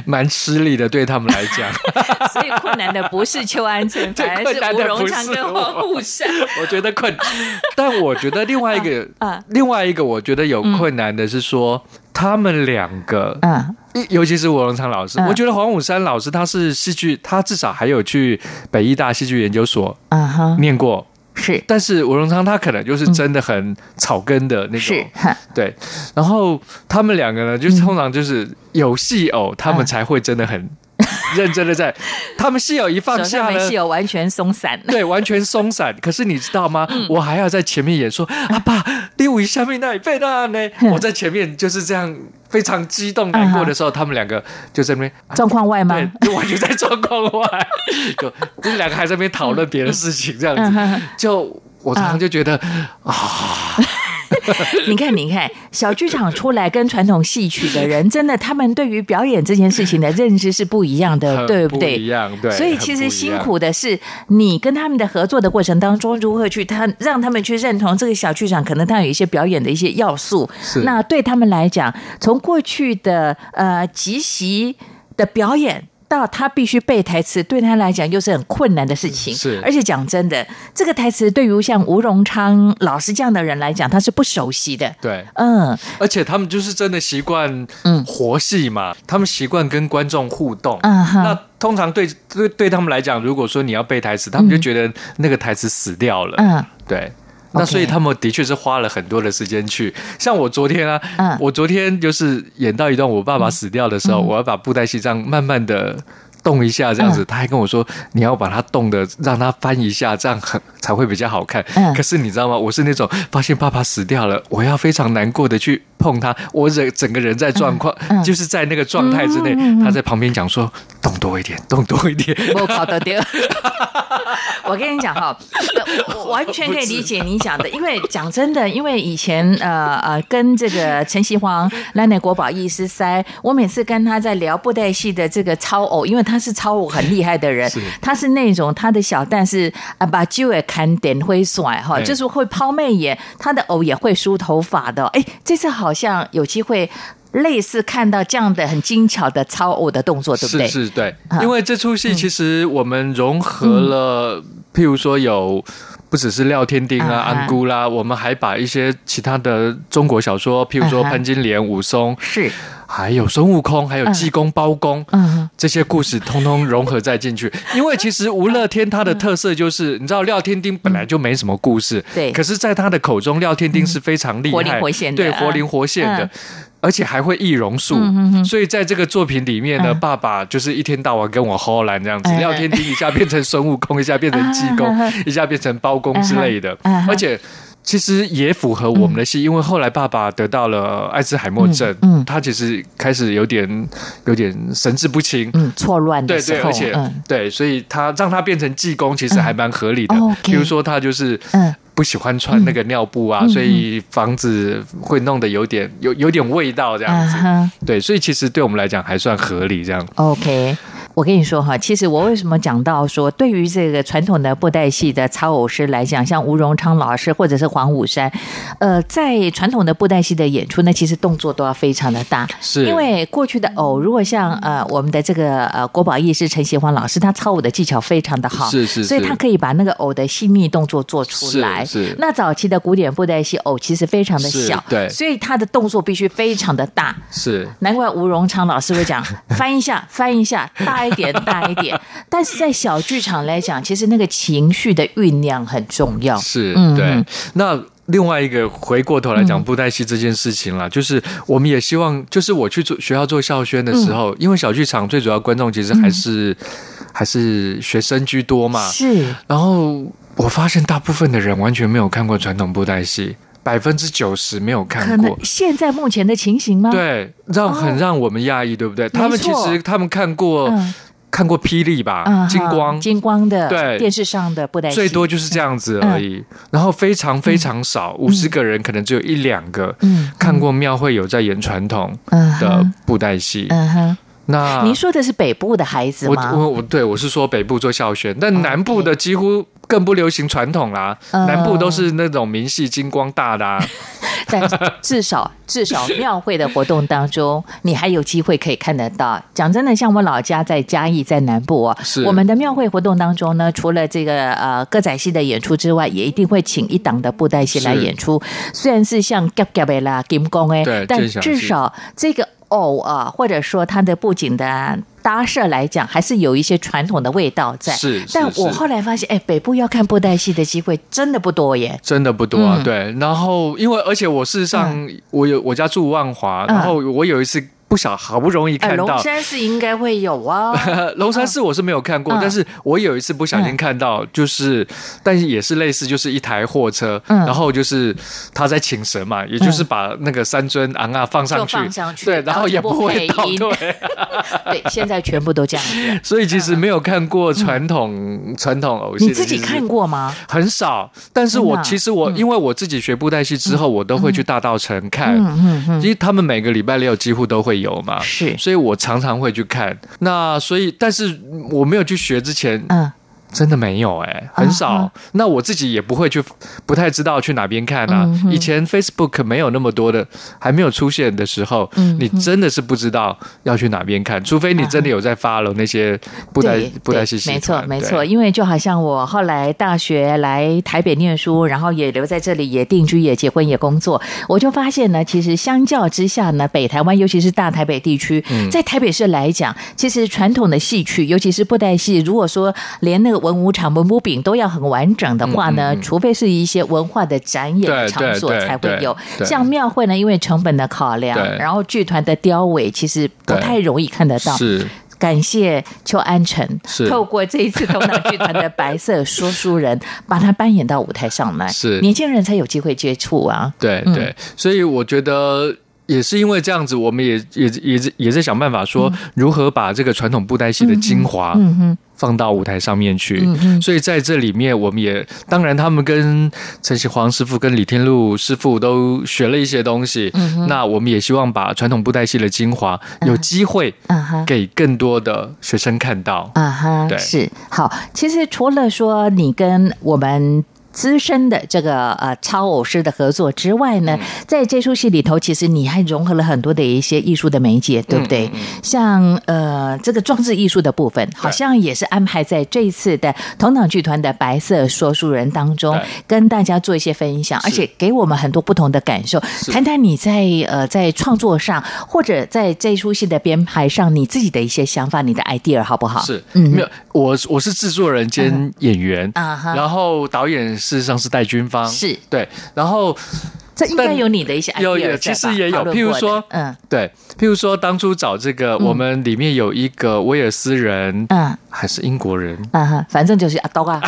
蠻吃力的，對他們來講。 <laughs> 所以困難的不是邱安忱 <laughs> 反而是吳榮強跟黃武山。我， <laughs> 我覺得困，但我覺得另外一個、 <laughs> 啊啊、另外一個我覺得有困難的是說。嗯他們兩個，啊、uh,，尤其是吳榮昌老師，uh, 我覺得黃武山老師他是戲劇，他至少還有去北藝大戲劇研究所啊哈念過，是、uh -huh,，但是吳榮昌他可能就是真的很草根的那種，uh -huh, 對。Uh -huh, 然後他們兩個呢，就是通常就是有戲偶，uh -huh, 他們才會真的很。 <laughs> 認真的在，他們戲偶，一放下呢，戲偶完全鬆散， <laughs> 對，完全鬆散。可是你知道嗎、嗯？我還要在前面演說，阿、嗯啊、爸，你下面那一那呢、嗯？我在前面就是這樣非常激動難過的時候，嗯、他們兩個就在那邊狀況外嗎？對就完全在狀況外， <laughs> 就你們兩個還在那邊討論別的事情，這樣子。嗯、就我常常就覺得、嗯、啊。啊 <laughs> 你看，你看，小劇場出來跟傳統戲曲的人，真的，他們對於表演這件事情的認知是不一樣的， <laughs> 很不一樣，對不對？對，所以其實辛苦的是你跟他們的合作的過程當中，如何去他讓他們去認同這個小劇場，可能他有一些表演的一些要素。是那對他們來講，從過去的呃即席的表演。到他必須背台詞，對他來講又是很困難的事情。是，而且講真的，這個台詞對於像吳榮昌老師這樣的人來講，他是不熟悉的。對，嗯，而且他們就是真的習慣，嗯，活戲嘛，他們習慣跟觀眾互動。嗯，那通常對對對他們來講，如果說你要背台詞，他們就覺得那個台詞死掉了。嗯，對。那所以他們的確是花了很多的時間去，像我昨天啊，我昨天就是演到一段我爸爸死掉的時候，我要把布袋戲這樣慢慢的。動一下這樣子，他還跟我說：“你要把它動的，讓它翻一下，這樣很才會比較好看。嗯”可是你知道嗎？我是那種發現爸爸死掉了，我要非常難過的去碰他，我整整個人在狀況、嗯嗯，就是在那個狀態之內、嗯嗯。他在旁邊講說、嗯嗯：“動多一點，動多一點。”我跑到掉。我跟你講哈、 <laughs> 呃，我完全可以理解你講的，因為講真的，因為以前呃呃跟這個陳錫煌、蘭奶國寶、藝師塞，我每次跟他在聊布袋戲的這個操偶，因為。他是操偶很厲害的人， <laughs> 他是那種他的小，但是啊，把機會看點會甩哈，就是會拋媚眼，他的偶也會梳頭髮的。哎、欸，這次好像有機會類似看到這樣的很精巧的操偶的動作，對不對？是，是，對、嗯。因為這出戲其實我們融合了、嗯，譬如說有不只是廖添丁啊、嗯、安姑啦、嗯，我們還把一些其他的中國小說，譬如說潘金蓮、嗯、武松是。還有孫悟空，還有濟公、包公，嗯、這些故事通通融合在進去、嗯。因為其實吳樂天他的特色就是、嗯，你知道廖添丁本來就沒什麼故事、嗯，對，可是在他的口中，廖添丁是非常厲害、嗯活靈活，對，活靈活現的、嗯，而且還會易容術、嗯嗯嗯。所以在這個作品裡面呢，嗯、爸爸就是一天到晚跟我喝爛這樣子、嗯，廖添丁一下變成孫悟空、嗯，一下變成濟公、嗯，一下變成包公之類的，嗯嗯、而且。其實也符合我們的戲、嗯，因為後來爸爸得到了阿茲海默症、嗯嗯，他其實開始有點有點神志不清，嗯，錯亂的，對對，而且、嗯、對，所以他讓他變成濟公，其實還蠻合理的、嗯。比如說他就是不喜歡穿那個尿布啊，嗯、所以房子會弄得，有點有有點味道這樣子、嗯嗯，對，所以其實對我們來講還算合理這樣。OK、嗯。嗯嗯嗯 <laughs> 我跟你說哈，其實我為什麼講到說，對於這個傳統的布袋戲的操偶師來講，像吳榮昌老師或者是黃武山，呃，在傳統的布袋戲的演出呢，其實動作都要非常的大，是。因為過去的偶，如果像呃我們的這個呃國寶藝師陳錫煌老師，他操偶的技巧非常的好，是，是是，所以他可以把那個偶的細膩動作做出來。是是。那早期的古典布袋戲偶其實非常的小，對，所以他的動作必須非常的大，是。難怪吳榮昌老師會講翻一下翻一下 <laughs> 大。一點大一點，但是在小劇場來講，其實那個情緒的醞釀很重要。 <laughs> 是，對。那另外一個，回過頭來講、嗯、布袋戲這件事情啦，就是我們也希望，就是我去做學校做校宣的時候、嗯，因為小劇場最主要觀眾其實還是、嗯、還是學生居多嘛。是，然後我發現大部分的人完全沒有看過傳統布袋戲。百分之九十沒有看過，現在目前的情形嗎？對，讓、哦、很讓我們訝異，對不對？他們其實他們看過、嗯、看過霹《霹靂》吧，《金光》金光的對電視上的布袋戲，最多就是這樣子而已。嗯、然後非常非常少，五、嗯、十個人、嗯、可能只有一兩個、嗯、看過廟會有在演傳統的布袋戲、嗯。嗯哼，那您說的是北部的孩子嗎？我我對我是說北部做教學、嗯，但南部的幾乎。嗯更不流行傳統啦、啊，南部都是那種明戲金光大的、啊，呃、 <laughs> 但至少至少廟會的活動當中， <laughs> 你還有機會可以看得到。講真的，像我老家在嘉義，在南部哦，是，我們的廟會活動當中呢，除了這個呃歌仔戲的演出之外，也一定會請一檔的布袋戲來演出。雖然是像夾夾背啦金光哎，但至少這個偶、哦、啊，或者說它的布景的、啊。搭設來講，還是有一些傳統的味道在。是，是，但我後來發現，哎，北部要看布袋戲的機會真的不多耶，真的不多啊。啊、嗯。對，然後因為而且我事實上，嗯、我有我家住萬華，然後我有一次。嗯不小，好不容易看到。龍、哎、山寺應該會有啊。龍 <laughs> 山寺我是沒有看過、啊，但是我有一次不小心看到，嗯、就是，但是也是類似，就是一台貨車、嗯，然後就是他在請神嘛、嗯，也就是把那個三尊昂啊，啊放，上放上去，對，然後，不然後也不會倒對，嗯、 <laughs> <laughs> 對，現在全部都這樣。所以其實沒有看過傳統、嗯、傳統偶戲。你自己看過嗎？很少，但是我、嗯啊、其實我、嗯、因為我自己學布袋戲之後，我都會去大稻埕看，嗯嗯嗯，因為他們每個禮拜六幾乎都會。有嘛？是，所以我常常會去看。那所以，但是我沒有去學之前，嗯。真的沒有哎、欸，很少。Uh, huh. 那我自己也不會去，不太知道去哪邊看啊。Uh, huh. 以前 Facebook 沒有那麼多的，還沒有出現的時候，uh, huh. 你真的是不知道要去哪邊看，除非你真的有在 follow 那些布袋、uh, huh. 布袋戲。沒錯，沒錯。因為就好像我後來大學來台北念書，然後也留在這裡，也定居，也結婚，也工作，我就發現呢，其實相較之下呢，北台灣，尤其是大台北地區，在台北市來講，其實傳統的戲曲，尤其是布袋戲，如果說連那個文武場、文武餅都要很完整的話呢、嗯嗯，除非是一些文化的展演場所才會有。像廟會呢，因為成本的考量，然後劇團的雕尾其實不太容易看得到。是，感謝邱安忱，透過這一次同黨劇團的白色說書人， <laughs> 把它搬演到舞台上來，是年輕人才有機會接觸啊。對對、嗯，所以我覺得。也是因為這樣子，我們也也也也在想辦法說如何把這個傳統布袋戲的精華，嗯哼，放到舞台上面去。嗯哼，嗯哼。所以在這裡面，我們也當然他們跟陳錫煌師傅、跟李天祿師傅都學了一些東西。嗯哼，那我們也希望把傳統布袋戲的精華有機會，嗯哼，給更多的學生看到。啊哈，嗯哼，對，是好。其實除了說你跟我們。資深的這個呃操偶師的合作之外呢，嗯、在這出戲裡頭，其實你還融合了很多的一些藝術的媒介，嗯、對不對？像呃這個裝置藝術的部分、嗯，好像也是安排在這一次的同黨劇團的白色說書人當中，嗯、跟大家做一些分享、嗯，而且給我們很多不同的感受。談談你在呃在創作上，或者在這出戲的編排上，你自己的一些想法，你的 idea 好不好？是、嗯、沒有我我是製作人兼演員，嗯、然後導演。事實上是戴軍方，是對，然後。這應該有你的一些 idea 有，有，其實也有，討論過嗯，對。譬如說，當初找這個、嗯，我們裡面有一個威爾斯人，嗯，還是英國人，嗯，反正就是阿東啊，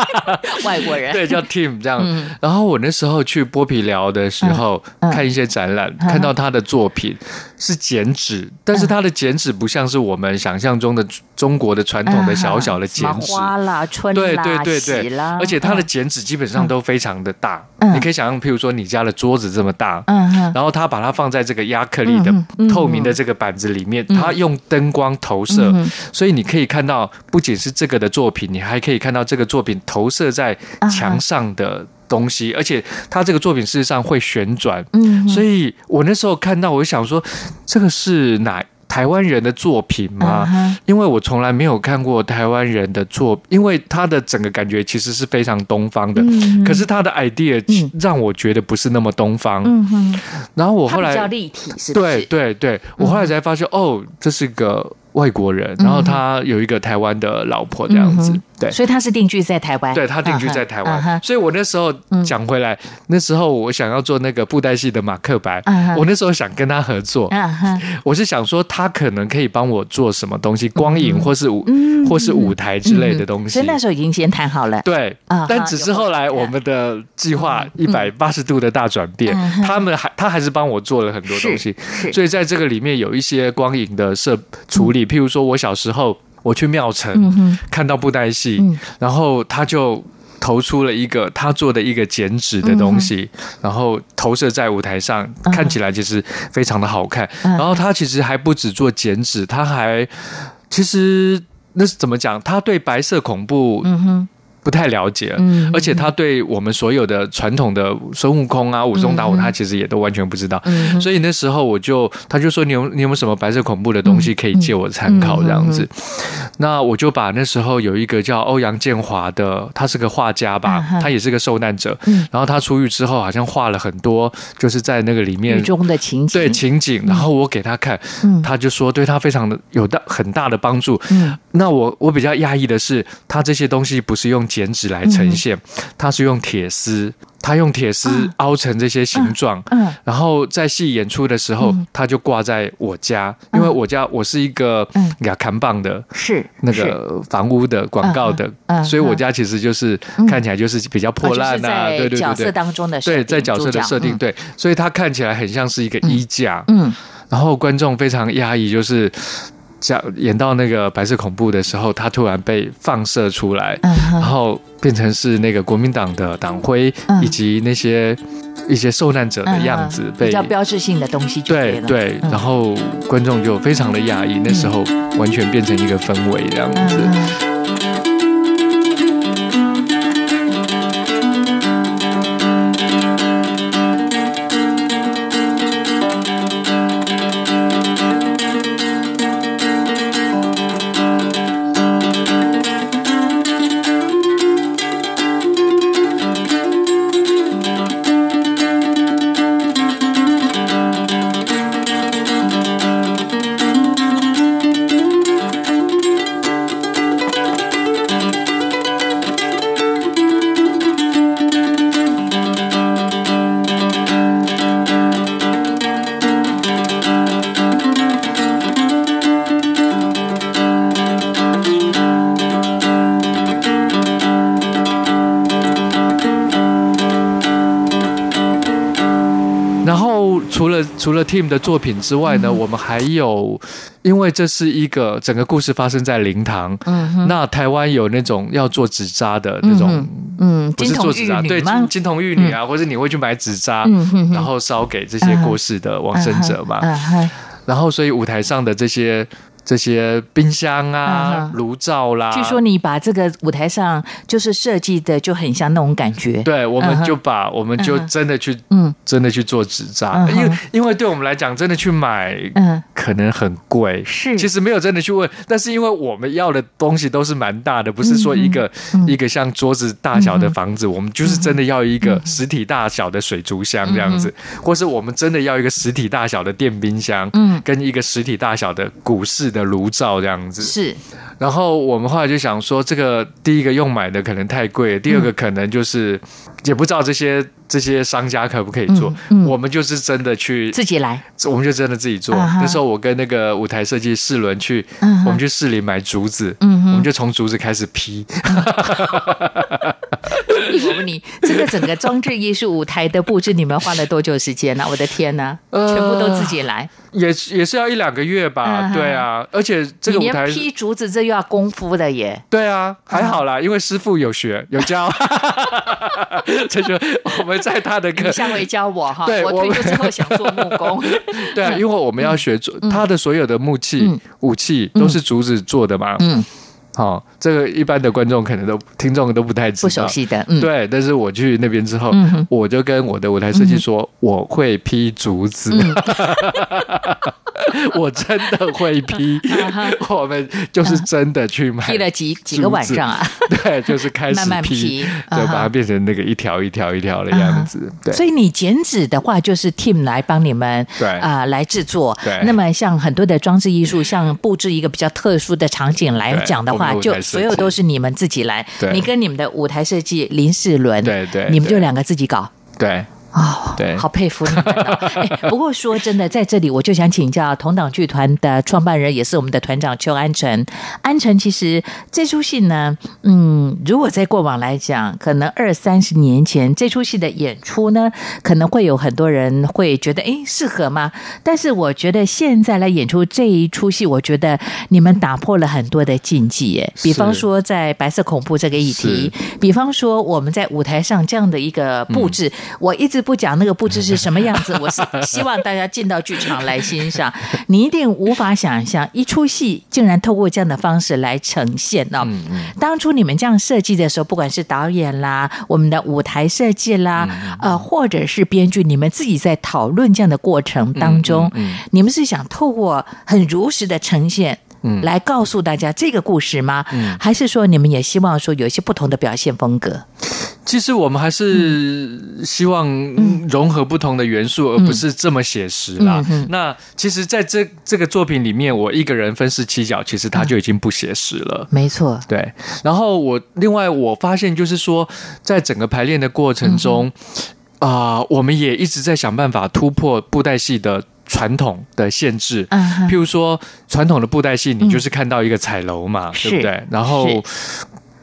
<laughs> 外國人，對，叫 Tim 這樣、嗯。然後我那時候去剝皮寮的時候、嗯嗯，看一些展覽，嗯、看到他的作品、嗯、是剪紙，但是他的剪紙不像是我們想象中的中國的傳統的小小的剪紙、嗯、花啦、春啦對對對對啦，而且他的剪紙基本上都非常的大，嗯、你可以想象，譬如說你這樣。他的桌子這麼大，uh -huh. 然後他把它放在這個亞克力的、uh -huh. 透明的這個板子裡面，uh -huh. 他用燈光投射，uh -huh. 所以你可以看到不僅是這個的作品，你還可以看到這個作品投射在牆上的東西，uh -huh. 而且他這個作品事實上會旋轉，uh -huh. 所以我那時候看到，我想說這個是哪？台灣人的作品嗎？Uh -huh. 因為我從來沒有看過台灣人的作品，因為他的整個感覺其實是非常東方的，uh -huh. 可是他的 idea 讓我覺得不是那麼東方。Uh -huh. 然後我後來，他比較立體是不是，對對對，我後來才發現，uh -huh. 哦，這是個外國人，然後他有一個台灣的老婆這樣子。Uh -huh. 對，所以他是定居在台灣。對，他定居在台灣，所以我那時候講回來，那時候我想要做那個布袋戲的馬克白，我那時候想跟他合作，我是想說他可能可以幫我做什麼東西，光影或是舞或是舞台之類的東西。那時候已經先談好了。對，但只是後來我們的計劃一百八十度的大轉變，他們還他還是幫我做了很多東西。所以在這個裡面有一些光影的設處理，譬如說我小時候。我去廟埕，嗯、看到布袋戲，嗯，然後他就投出了一個他做的一個剪紙的東西，嗯、然後投射在舞台上，啊，看起來就是非常的好看，啊。然後他其實還不止做剪紙，他還其實那是怎麼講？他對白色恐怖，嗯不太了解了、嗯，而且他對我們所有的傳統的孫悟空啊、武松打虎，他其實也都完全不知道、嗯。所以那時候我就，他就說你有你有沒有什麼白色恐怖的東西可以借我參考這樣子、嗯嗯嗯嗯？那我就把那時候有一個叫歐陽建華的，他是個畫家吧、啊，他也是個受難者。嗯、然後他出獄之後，好像畫了很多，就是在那個裡面獄中的情景，對情景。然後我給他看，嗯、他就說對他非常的有大很大的幫助、嗯。那我我比較訝異的是，他這些東西不是用剪紙來呈現，它、嗯嗯、是用鐵絲，它用鐵絲凹成這些形狀，嗯，嗯，嗯嗯、然後在戲演出的時候，它就掛在我家，因為我家我是一個亞扛棒的是那個房屋的廣告的，是是所以我家其實就是看起來就是比較破爛啊，對對對，角色當中的設對在角色的設定嗯嗯嗯嗯嗯嗯嗯嗯對，所以它看起來很像是一個衣架，嗯，然後觀眾非常壓抑就是。演到那個白色恐怖的時候，他突然被放射出來，嗯、然後變成是那個國民黨的黨徽、嗯，以及那些一些受難者的樣子，嗯、比較標誌性的東西了。對對、嗯，然後觀眾就非常的訝異、嗯，那時候完全變成一個氛圍這樣子。嗯除了 team 的作品之外呢、嗯，我們還有，因為這是一個整個故事發生在靈堂、嗯，那台灣有那種要做紙扎的那種嗯嗯，嗯，不是做紙扎，對，金，金童玉女啊，嗯、或者你會去買紙扎、嗯，然後燒給這些過世的往生者嘛、啊，然後所以舞台上的這些。這些冰箱啊、爐、uh -huh. 灶啦，啊，據說你把這個舞台上就是設計的就很像那種感覺。對，我們就把、uh -huh. 我們就真的去，嗯、uh -huh.，真的去做紙紮，uh -huh. 因為因為對我們來講，真的去買，嗯、uh -huh.。可能很貴，是。其實沒有真的去問，但是因為我們要的東西都是蠻大的，不是說一個、嗯、一個像桌子大小的房子、嗯，我們就是真的要一個實體大小的水族箱這樣子、嗯，或是我們真的要一個實體大小的電冰箱，嗯，跟一個實體大小的古式的爐灶這樣子是。然後我們後來就想說，這個第一個用買的可能太貴，第二個可能就是也不知道這些這些商家可不可以做。嗯嗯、我們就是真的去自己來，我們就真的自己做。Uh -huh. 那時候我跟那個舞台設計四輪去，uh -huh. 我們去市裡買竹子，uh -huh. 我們就從竹子開始劈。Uh -huh. <laughs> <laughs> <laughs> <laughs> <laughs> 我問你這個整個裝置藝術舞台的布置，你們花了多久時間呢？我的天吶、啊，uh -huh. 全部都自己來，也是也是要一兩個月吧。Uh -huh. 對啊，而且這個舞台你劈竹子這。要功夫的耶，對啊，嗯、還好啦，因為師傅有學有教，才學。我們在他的課，下回教我哈。對 <laughs> 我畢業之後想做木工， <laughs> 對啊，因為我們要學做，他的所有的木器、嗯、武器都是竹子做的嘛。嗯。嗯好，這個一般的觀眾可能都聽眾都不太知道不熟悉的、嗯，對。但是我去那邊之後，嗯、我就跟我的舞台設計說，嗯、我會劈竹子，嗯、 <laughs> 我真的會劈、啊。我們就是真的去買劈了幾幾個晚上啊，對，就是開始劈、啊、 <laughs> 慢慢劈，就把它變成那個一條一條一條的樣子。啊、對，所以你剪紙的話，就是 team 來幫你們對啊、呃、來製作。對，那麼像很多的裝置藝術，像佈置一個比較特殊的場景來講的話。就所有都是你們自己來，對，你跟你們的舞台設計林世倫，對對，你們就兩個自己搞，對。對哦、oh，對， <laughs> 好佩服你們。們、哎。不過說真的，在這裡我就想請教同黨劇團的創辦人，也是我們的團長邱安忱。安忱，其實這出戲呢，嗯，如果在過往來講，可能二三十年前這出戲的演出呢，可能會有很多人會覺得，哎，適合嗎？但是我覺得現在來演出這一出戲，我覺得你們打破了很多的禁忌，哎，比方說在白色恐怖這個議題，比方說我們在舞台上這樣的一個布置，嗯、我一直。不講那個不知是什麼樣子，我是希望大家進到劇場來欣賞，你一定無法想象一出戲竟然透過這樣的方式來呈現哦、嗯嗯。當初你們這樣設計的時候，不管是導演啦、我們的舞台設計啦，嗯嗯、呃，或者是編劇，你們自己在討論這樣的過程當中，嗯嗯嗯、你們是想透過很如實的呈現。嗯，來告訴大家這個故事嗎？嗯，還是說你們也希望說有一些不同的表現風格？其實我們還是希望融合不同的元素，而不是這麼寫實啦、嗯嗯嗯、那其實在這這個作品裡面，我一個人分飾七角，其實他就已經不寫實了。嗯、沒錯，對。然後我另外我發現，就是說，在整個排練的過程中，啊、嗯呃，我們也一直在想辦法突破布袋戲的。傳統的限制，譬如說傳統的布袋戲、嗯，你就是看到一個彩樓嘛，對不對？然後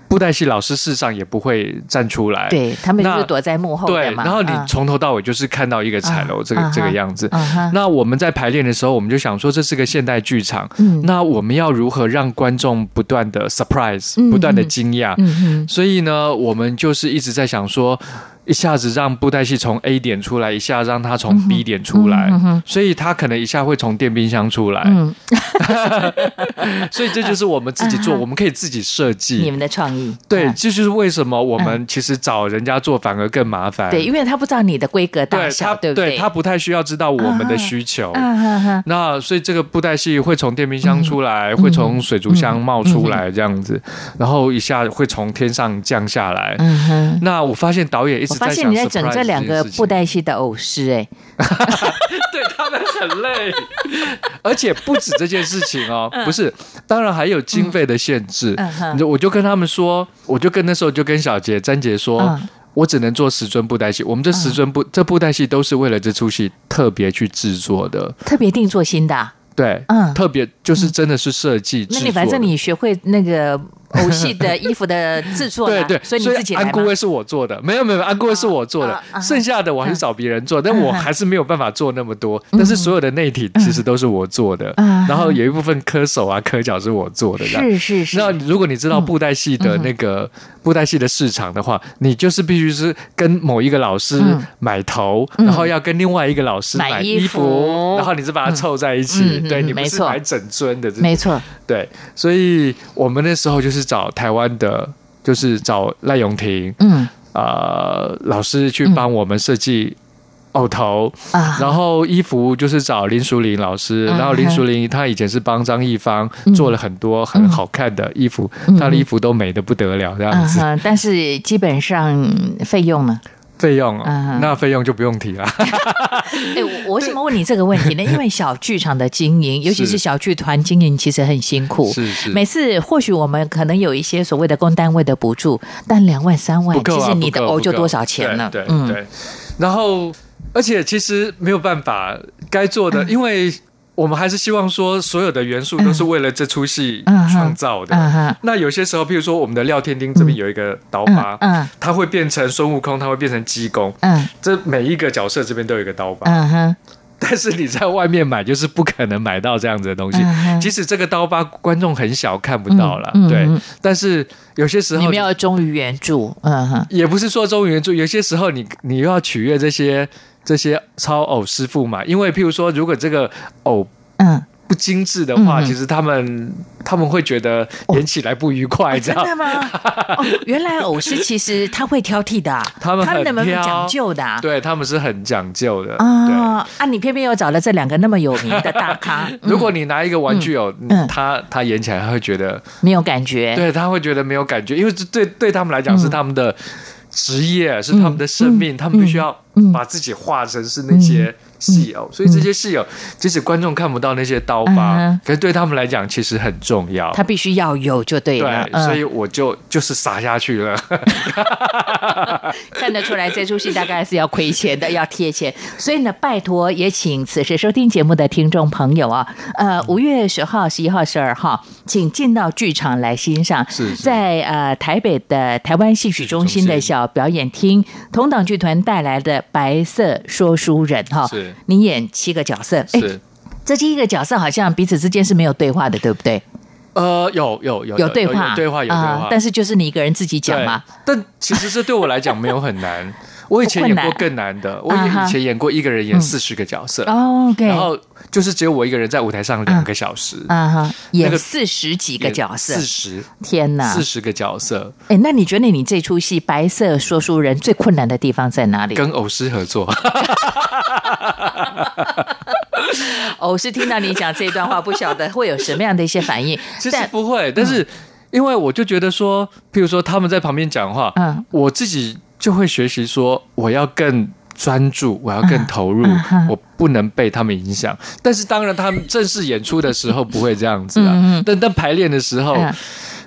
布袋戲老師、事實上也不會站出來，對他們就是躲在幕後，對。然後你從頭到尾就是看到一個彩樓、啊、這個這個樣子、啊。那我們在排練的時候，我們就想說，這是個現代劇場、嗯，那我們要如何讓觀眾不斷的 surprise，不斷的驚訝、嗯嗯？所以呢，我們就是一直在想說。一下子讓布袋戲從 A 點出來，一下讓他從 B 點出來，mm -hmm. 所以他可能一下會從電冰箱出來，mm -hmm. <laughs> 所以這就是我們自己做，uh -huh. 我們可以自己設計你們的創意。對，這、uh -huh. 就是為什麼我們其實找人家做反而更麻煩。Uh -huh. 對，因為他不知道你的規格大小，對，對不對？對，他不太需要知道我們的需求。Uh -huh. Uh -huh. 那所以這個布袋戲會從電冰箱出來，uh -huh. 會從水族箱冒出來這樣子，uh -huh. 然後一下會從天上降下來。Uh -huh. 那我發現導演一直發現你在整這兩個布袋戲的偶師哎、欸， <laughs> <laughs> <laughs> <laughs> 對他們很累， <laughs> 而且不止這件事情哦， <laughs> 嗯、不是，當然還有經費的限制。嗯、你就我就跟他們說，我就跟那時候就跟小杰、詹傑說，嗯、我只能做十尊布袋戲，我們這十尊布、嗯、這布袋戲都是為了這出戲特別去製作的，特別定做新的、啊。對，嗯，特別就是真的是設計製作。嗯、那你反正你學會那個。偶戲的衣服的製作， <laughs> 對對，所以，你自己所以安顧威是我做的，沒有沒有安顧威是我做的，啊、剩下的我還是找別人做、啊，但我還是沒有辦法做那麼多、嗯。但是所有的內體其實都是我做的，嗯、然後有一部分磕手啊、嗯、磕腳是我做的。是是是。那如果你知道布袋戲的那個、嗯、布袋戲的市場的話、嗯，你就是必須是跟某一個老師買頭，嗯、然後要跟另外一個老師買衣服，衣服然後你是把它湊在一起。嗯、對，嗯嗯、沒錯你們是買整尊的，沒錯。對，所以我們那時候就是。就是、找台灣的，就是找賴永廷，嗯，啊、呃，老師去幫我們設計偶頭、嗯，然後衣服就是找林淑玲老師、嗯，然後林淑玲她以前是幫張藝芳做了很多很好看的衣服，她、嗯、的衣服都美得不得了這樣子，嗯嗯嗯嗯嗯、但是基本上費用呢？費用啊，那費用就不用提了。哎、 <laughs> <laughs> 欸，我為什麼問你這個問題呢？因為小劇場的經營，尤其是小劇團經營，其實很辛苦。是每次或許我們可能有一些所謂的公單位的補助，但兩萬三萬，啊，其實你的歐就多少錢呢？對，對，對，嗯、然後而且其實沒有辦法，該做的，因為、嗯。我們還是希望說，所有的元素都是為了這齣戲創造的，嗯嗯嗯。那有些時候，譬如說，我們的廖添丁這邊有一個刀疤，嗯嗯嗯，它會變成孫悟空，它會變成濟公。嗯，這每一個角色這邊都有一個刀疤。嗯但是你在外面買就是不可能買到這樣子的東西，uh -huh. 即使這個刀疤觀眾很小看不到了，uh -huh. 對。但是有些時候你們要忠於原著，嗯、uh -huh.，也不是說忠於原著，有些時候你你又要取悅這些這些操偶、哦、師傅嘛，因為譬如說，如果這個偶，嗯、哦。Uh -huh. 不精緻的話，嗯、其實他們他們會覺得演起來不愉快，哦、這樣、哦、真的嗎、？ <laughs> 哦？原來偶師其實他會挑剔的。 <laughs> 他們很他們很講究的、啊，對他們是很講究的啊！啊，你偏偏又找了這兩個那麼有名的大咖， <laughs> 嗯、如果你拿一個玩具偶、哦嗯，他他演起來他會覺得沒有感覺，對他會覺得沒有感覺，因為這對對他們來講是他們的職業，嗯、是他們的生命、嗯嗯，他們必須要把自己化成是那些。嗯嗯嗯戲偶哦，所以這些戲偶，嗯，即使觀眾看不到那些刀疤，嗯、可是對他們來講其實很重要。嗯嗯、他必須要有，就對了。對，所以我就、嗯、就是灑下去了。 <laughs> <laughs> <laughs> 看得出來，這出戲大概是要虧錢的，要貼錢。所以呢，拜託也請此時收聽節目的聽眾朋友啊、哦，呃，五月十號、十一號、十二號，請進到劇場來欣賞，在呃台北的台灣戲曲中心的小表演廳，同黨劇團帶來的《白色說書人、哦》哈。你演七個角色，欸、是這七個角色好像彼此之間是沒有對話的，對不對？呃，有有有有對話，對話有，有，有對話，有對話、呃，但是就是你一個人自己講嘛。但， <laughs> 但其實這對我來講沒有很難。 <laughs> 我以前演過更難的，uh -huh. 我以前演過一個人演四十個角色，uh -huh. 然後就是只有我一個人在舞台上兩個小時，uh -huh. 演四十幾個角色，四、那、十、個、天吶，四十個角色。誒、欸，那你覺得你這出戲《白色說書人》最困難的地方在哪裡？跟偶師合作。 <laughs> <laughs> <laughs> 偶師聽到你講這段話，不曉得會有什麼樣的一些反應？其實不會，但,但是因為我就覺得說，嗯、譬如說他們在旁邊講話，嗯、uh -huh.，我自己。就會學習說，我要更專注，我要更投入，嗯嗯，我不能被他們影響。但是當然，他們正式演出的時候不會這樣子啊。嗯，但但排練的時候。嗯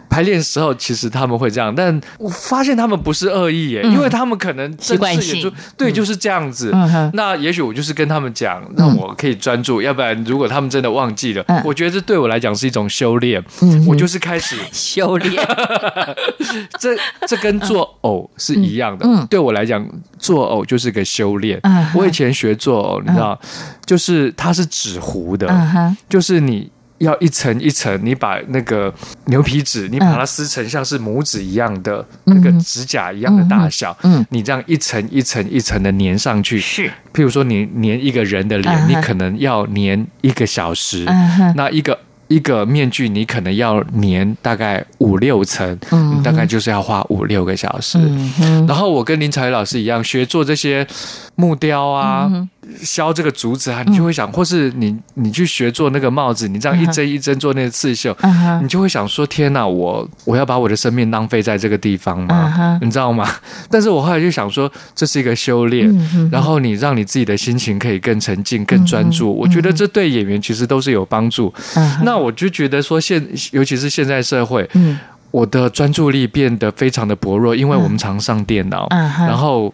排練時候其實他們會這樣，但我發現他們不是惡意耶、嗯，因為他們可能其實也就對就是這樣子、嗯。那也許我就是跟他們講，那、嗯、我可以專注、嗯，要不然如果他們真的忘記了，嗯、我覺得這對我來講是一種修煉。嗯、我就是開始修煉、嗯嗯， <laughs> <laughs> <laughs> 這這跟做偶是一樣的。嗯、對我來講，做偶就是個修煉、嗯。我以前學做偶，你知道，嗯、就是它是紙糊的、嗯，就是你。要一層一層，你把那個牛皮紙，你把它撕成像是拇指一樣的、嗯、那個指甲一樣的大小。嗯嗯、你這樣一層一層一層的粘上去。是、譬如說你粘一個人的臉、啊，你可能要粘一個小時。啊、那一個、啊、一個面具，你可能要粘大概五六層，嗯、你大概就是要花五六個小時。嗯嗯、然後我跟林朝宇老師一樣，學做這些木雕啊。嗯嗯削這個竹子啊，你就會想，或是你你去學做那個帽子，你這樣一針一針做那個刺繡，uh -huh. 你就會想說：天哪，我我要把我的生命浪費在這個地方嗎？Uh -huh. 你知道嗎？但是我後來就想說，這是一個修煉，uh -huh. 然後你讓你自己的心情可以更沉靜、更專注。我覺得這對演員其實都是有幫助。Uh -huh. 那我就覺得說現，現尤其是現在社會，uh -huh. 我的專注力變得非常的薄弱，因為我們常上電腦，uh -huh. 然後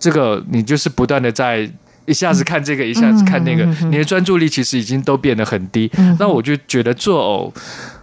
這個你就是不斷的在。一下子看這個、嗯，一下子看那個，嗯、你的專注力其實已經都變得很低，嗯、那我就覺得做偶。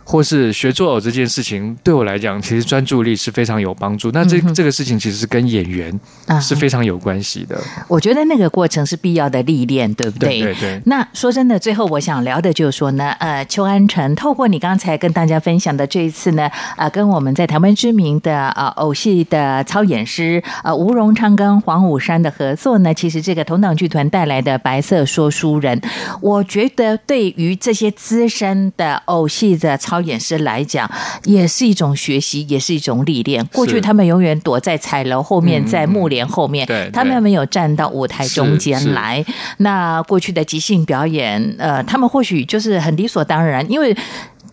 或是學做偶這件事情，對我來講，其實專注力是非常有幫助、嗯。那這這個事情，其實是跟演員是非常有關係的、啊。我覺得那個過程是必要的歷練，對不對？對，對對。那說真的，最後我想聊的，就是說呢，呃，邱安忱透過你剛才跟大家分享的這一次呢，啊、呃，跟我們在台灣知名的啊、呃、偶戲的操演師呃吳榮昌跟黃武山的合作呢，其實這個同黨劇團帶來的白色說書人，我覺得對於這些資深的偶戲的操演師來講也是一種學習，也是一種歷練。過去他們永遠躲在彩樓後面，嗯、在幕簾後面，對對對，他們沒有站到舞台中間來。那過去的即興表演，呃，他們或許就是很理所當然，因為。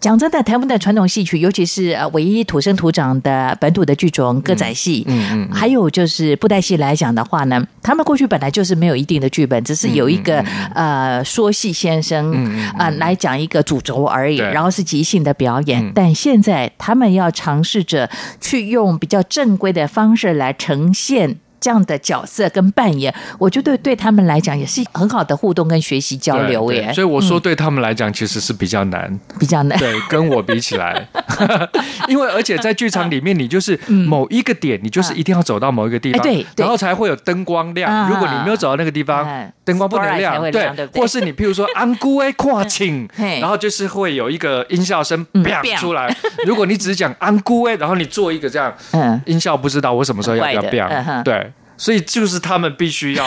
講真的，台灣的傳統戲曲，尤其是呃，唯一土生土長的本土的劇種歌仔戲，嗯嗯、嗯，還有就是布袋戲來講的話呢，他們過去本來就是沒有一定的劇本，只是有一個、嗯嗯、呃說戲先生啊、嗯嗯嗯呃、來講一個主軸而已，嗯、然後是即興的表演、嗯。但現在他們要嘗試着去用比較正規的方式來呈現。這樣的角色跟扮演，我覺得對他們來講也是很好的互動跟學習交流耶對對。所以我說對他們來講其實是比較難，比較難。對，跟我比起來， <laughs> <laughs> 因為而且在劇場裡面，你就是某一個點，你就是一定要走到某一個地方，對、嗯，然後才會有燈光亮、啊。如果你沒有走到那個地方，燈、啊、光不能亮，、啊啊啊不能亮，亮對，對。或是你譬如說安姑哎，跨 <laughs> 請， <laughs> 然後就是會有一個音效聲變、嗯、出來。 <laughs> 如果你只是講安姑哎，然後你做一個這樣，嗯，音效不知道我什麼時候要不要這樣、呃，對。所以就是他們必須要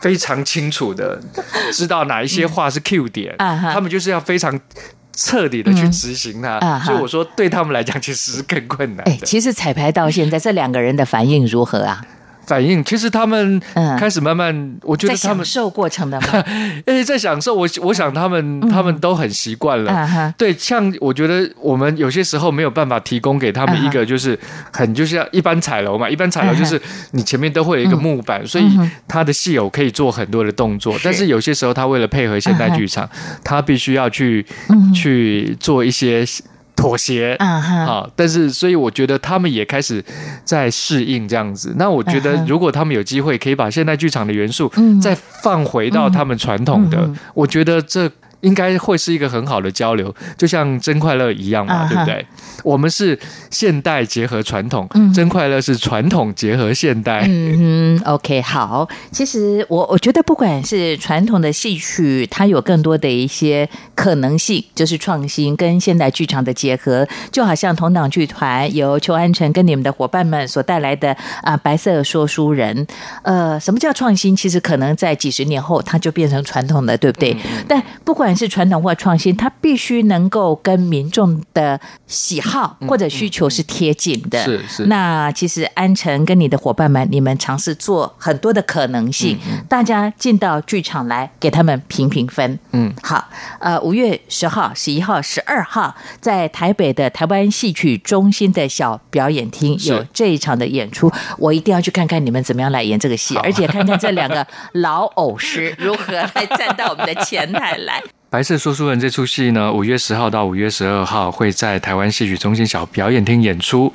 非常清楚的知道哪一些話是 Q 點， <laughs> 嗯啊、他們就是要非常徹底的去執行它、嗯啊。所以我說對他們來講其實是更困難的、欸、其實彩排到現在，這兩個人的反應如何啊？反應其實他們開始慢慢，嗯、我覺得他們在享受過程的嘛，而 <laughs> 且在享受。我我想他們、嗯、他們都很習慣了、嗯。對，像我覺得我們有些時候沒有辦法提供給他們一個就是很、嗯、就像、是、一般彩樓嘛、嗯，一般彩樓就是你前面都會有一個木板，嗯、所以他的戲偶可以做很多的動作、嗯。但是有些時候他為了配合現代劇場，嗯、他必須要去、嗯、去做一些。妥協啊、uh-huh. 但是所以我覺得他們也開始在適應這樣子。那我覺得如果他們有機會可以把現代劇場的元素，嗯，再放回到他們傳統的，uh-huh. 我覺得這。應該會是一個很好的交流，就像《真快樂》一樣嘛，uh-huh. 對不對？我們是現代結合傳統，uh-huh.《真快樂》是傳統結合現代。嗯，OK，好。其實我我覺得，不管是傳統的戲曲，它有更多的一些可能性，就是創新跟現代劇場的結合。就好像同黨劇團由邱安忱跟你們的夥伴們所帶來的啊，白色說書人。呃，什麼叫創新？其實可能在幾十年後，它就變成傳統的，對不對？Uh-huh. 但不管。是傳統或創新，它必須能夠跟民眾的喜好或者需求是貼近的。嗯嗯嗯、是是。那其實安忱跟你的伙伴們，你們嘗試做很多的可能性。嗯嗯、大家進到劇場來，給他們評評分。嗯，好。呃，五月十號、十一號、十二號，在台北的台灣戲曲中心的小表演廳有這一場的演出，我一定要去看看你們怎麼樣來演這個戲，而且看看這兩個老偶師如何來站到我們的前台來。《白色說書人》這出戲呢，五月十號到五月十二號會在台灣戲曲中心小表演廳演出。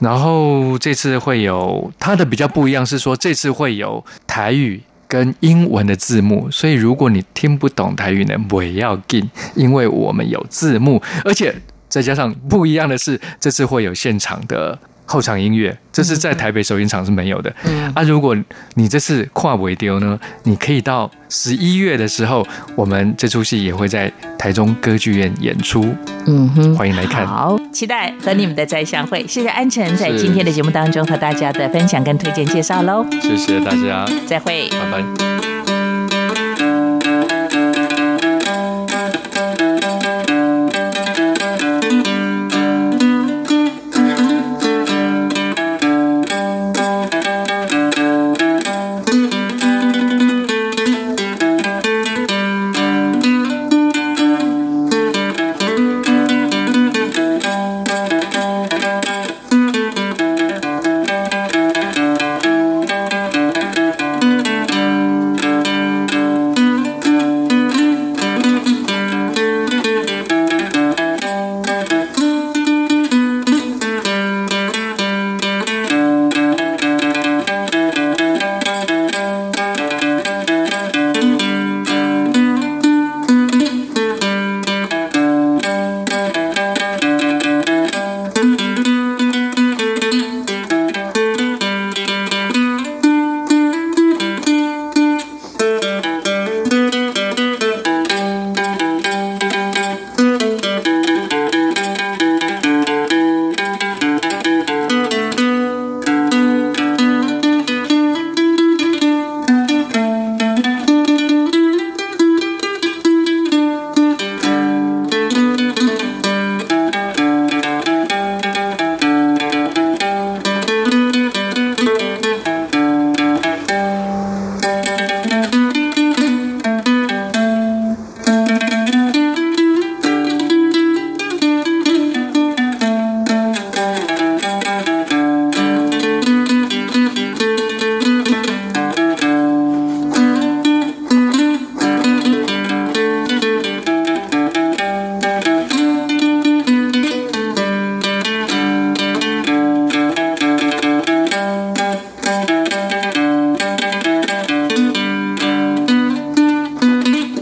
然後這次會有它的比較不一樣是說，這次會有台語跟英文的字幕，所以如果你聽不懂台語呢，不要緊，因為我們有字幕，而且再加上不一樣的是，這次會有現場的。後場音樂，這是在台北首演場是沒有的。嗯，啊，如果你這次跨緯丟呢，你可以到十一月的時候，我們這出戲也會在台中歌劇院演出。嗯哼，歡迎來看，好，期待和你們的再相會，嗯。謝謝安忱在今天的節目當中和大家的分享跟推薦介紹嘍。謝謝大家，再會，拜拜。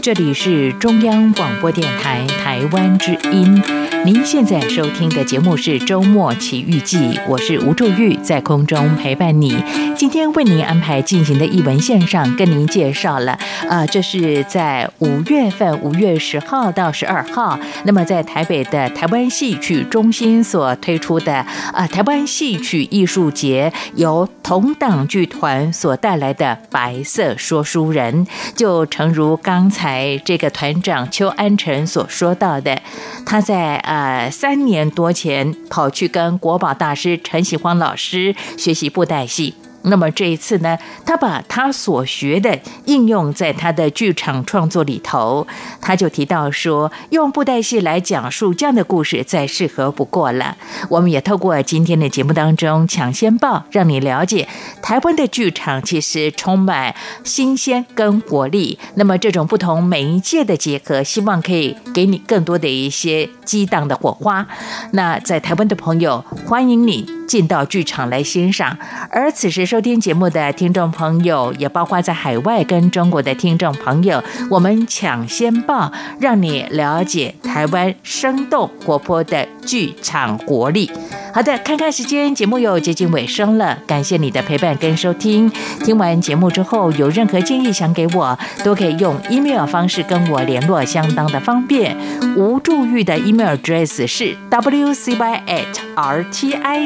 這裡是中央廣播電臺臺灣之音，您現在收聽的節目是《週末奇遇記》，我是吳祝玉，在空中陪伴你。今天為您安排進行的藝文線上，跟您介紹了。呃，這、就是在五月份，五月十號到十二號，那麼在台北的臺灣戲曲中心所推出的，呃，臺灣戲曲藝術節，由同黨劇團所帶來的《白色說書人》，就誠如剛才這個團長邱安忱所說到的，他在呃三年多前跑去跟國寶大師陳錫煌老師學習布袋戲。那麼這一次呢，他把他所學的應用在他的劇場創作裡頭，他就提到說，用布袋戲來講述這樣的故事再適合不過了。我們也透過今天的節目當中搶先報，讓你了解台灣的劇場其實充滿新鮮跟活力。那麼這種不同媒介的結合，希望可以給你更多的一些激盪的火花。那在台灣的朋友，歡迎你進到劇場來欣賞。而此時說。收聽節目的聽眾朋友，也包括在海外跟中國的聽眾朋友，我們搶先報，讓你了解台灣生動活潑的劇場活力。好的，看看時間，節目又接近尾聲了，感謝你的陪伴跟收聽。聽完節目之後，有任何建議想給我，都可以用 email 方式跟我聯絡，相當的方便。吳祝玉的 email address 是 wcy@rti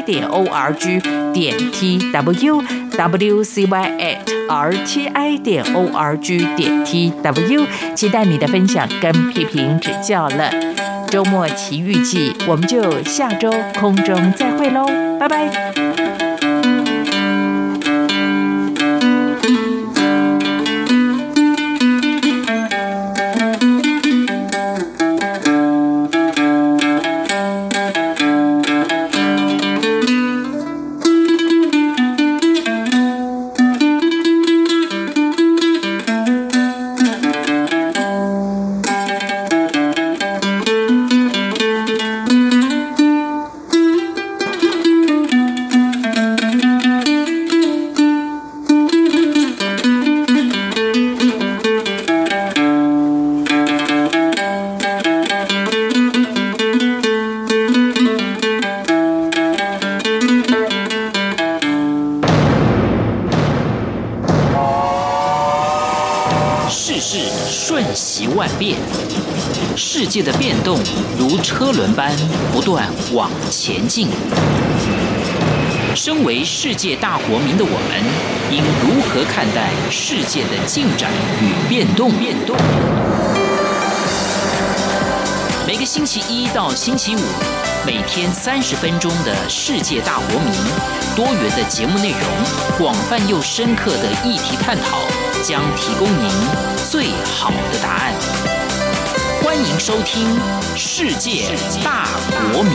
點 org 點 tw。w c y at r t i 點 o r g 點 t w，期待你的分享跟批評指教了。周末奇遇記，我們就下周空中再會嘍，拜拜。前進。身為世界大國民的我們，應如何看待世界的進展與變動？變動。每個星期一到星期五，每天三十分鐘的《世界大國民》，多元的節目內容，廣泛又深刻的議題探討，將提供您最好的答案。歡迎收聽《世界大國民》。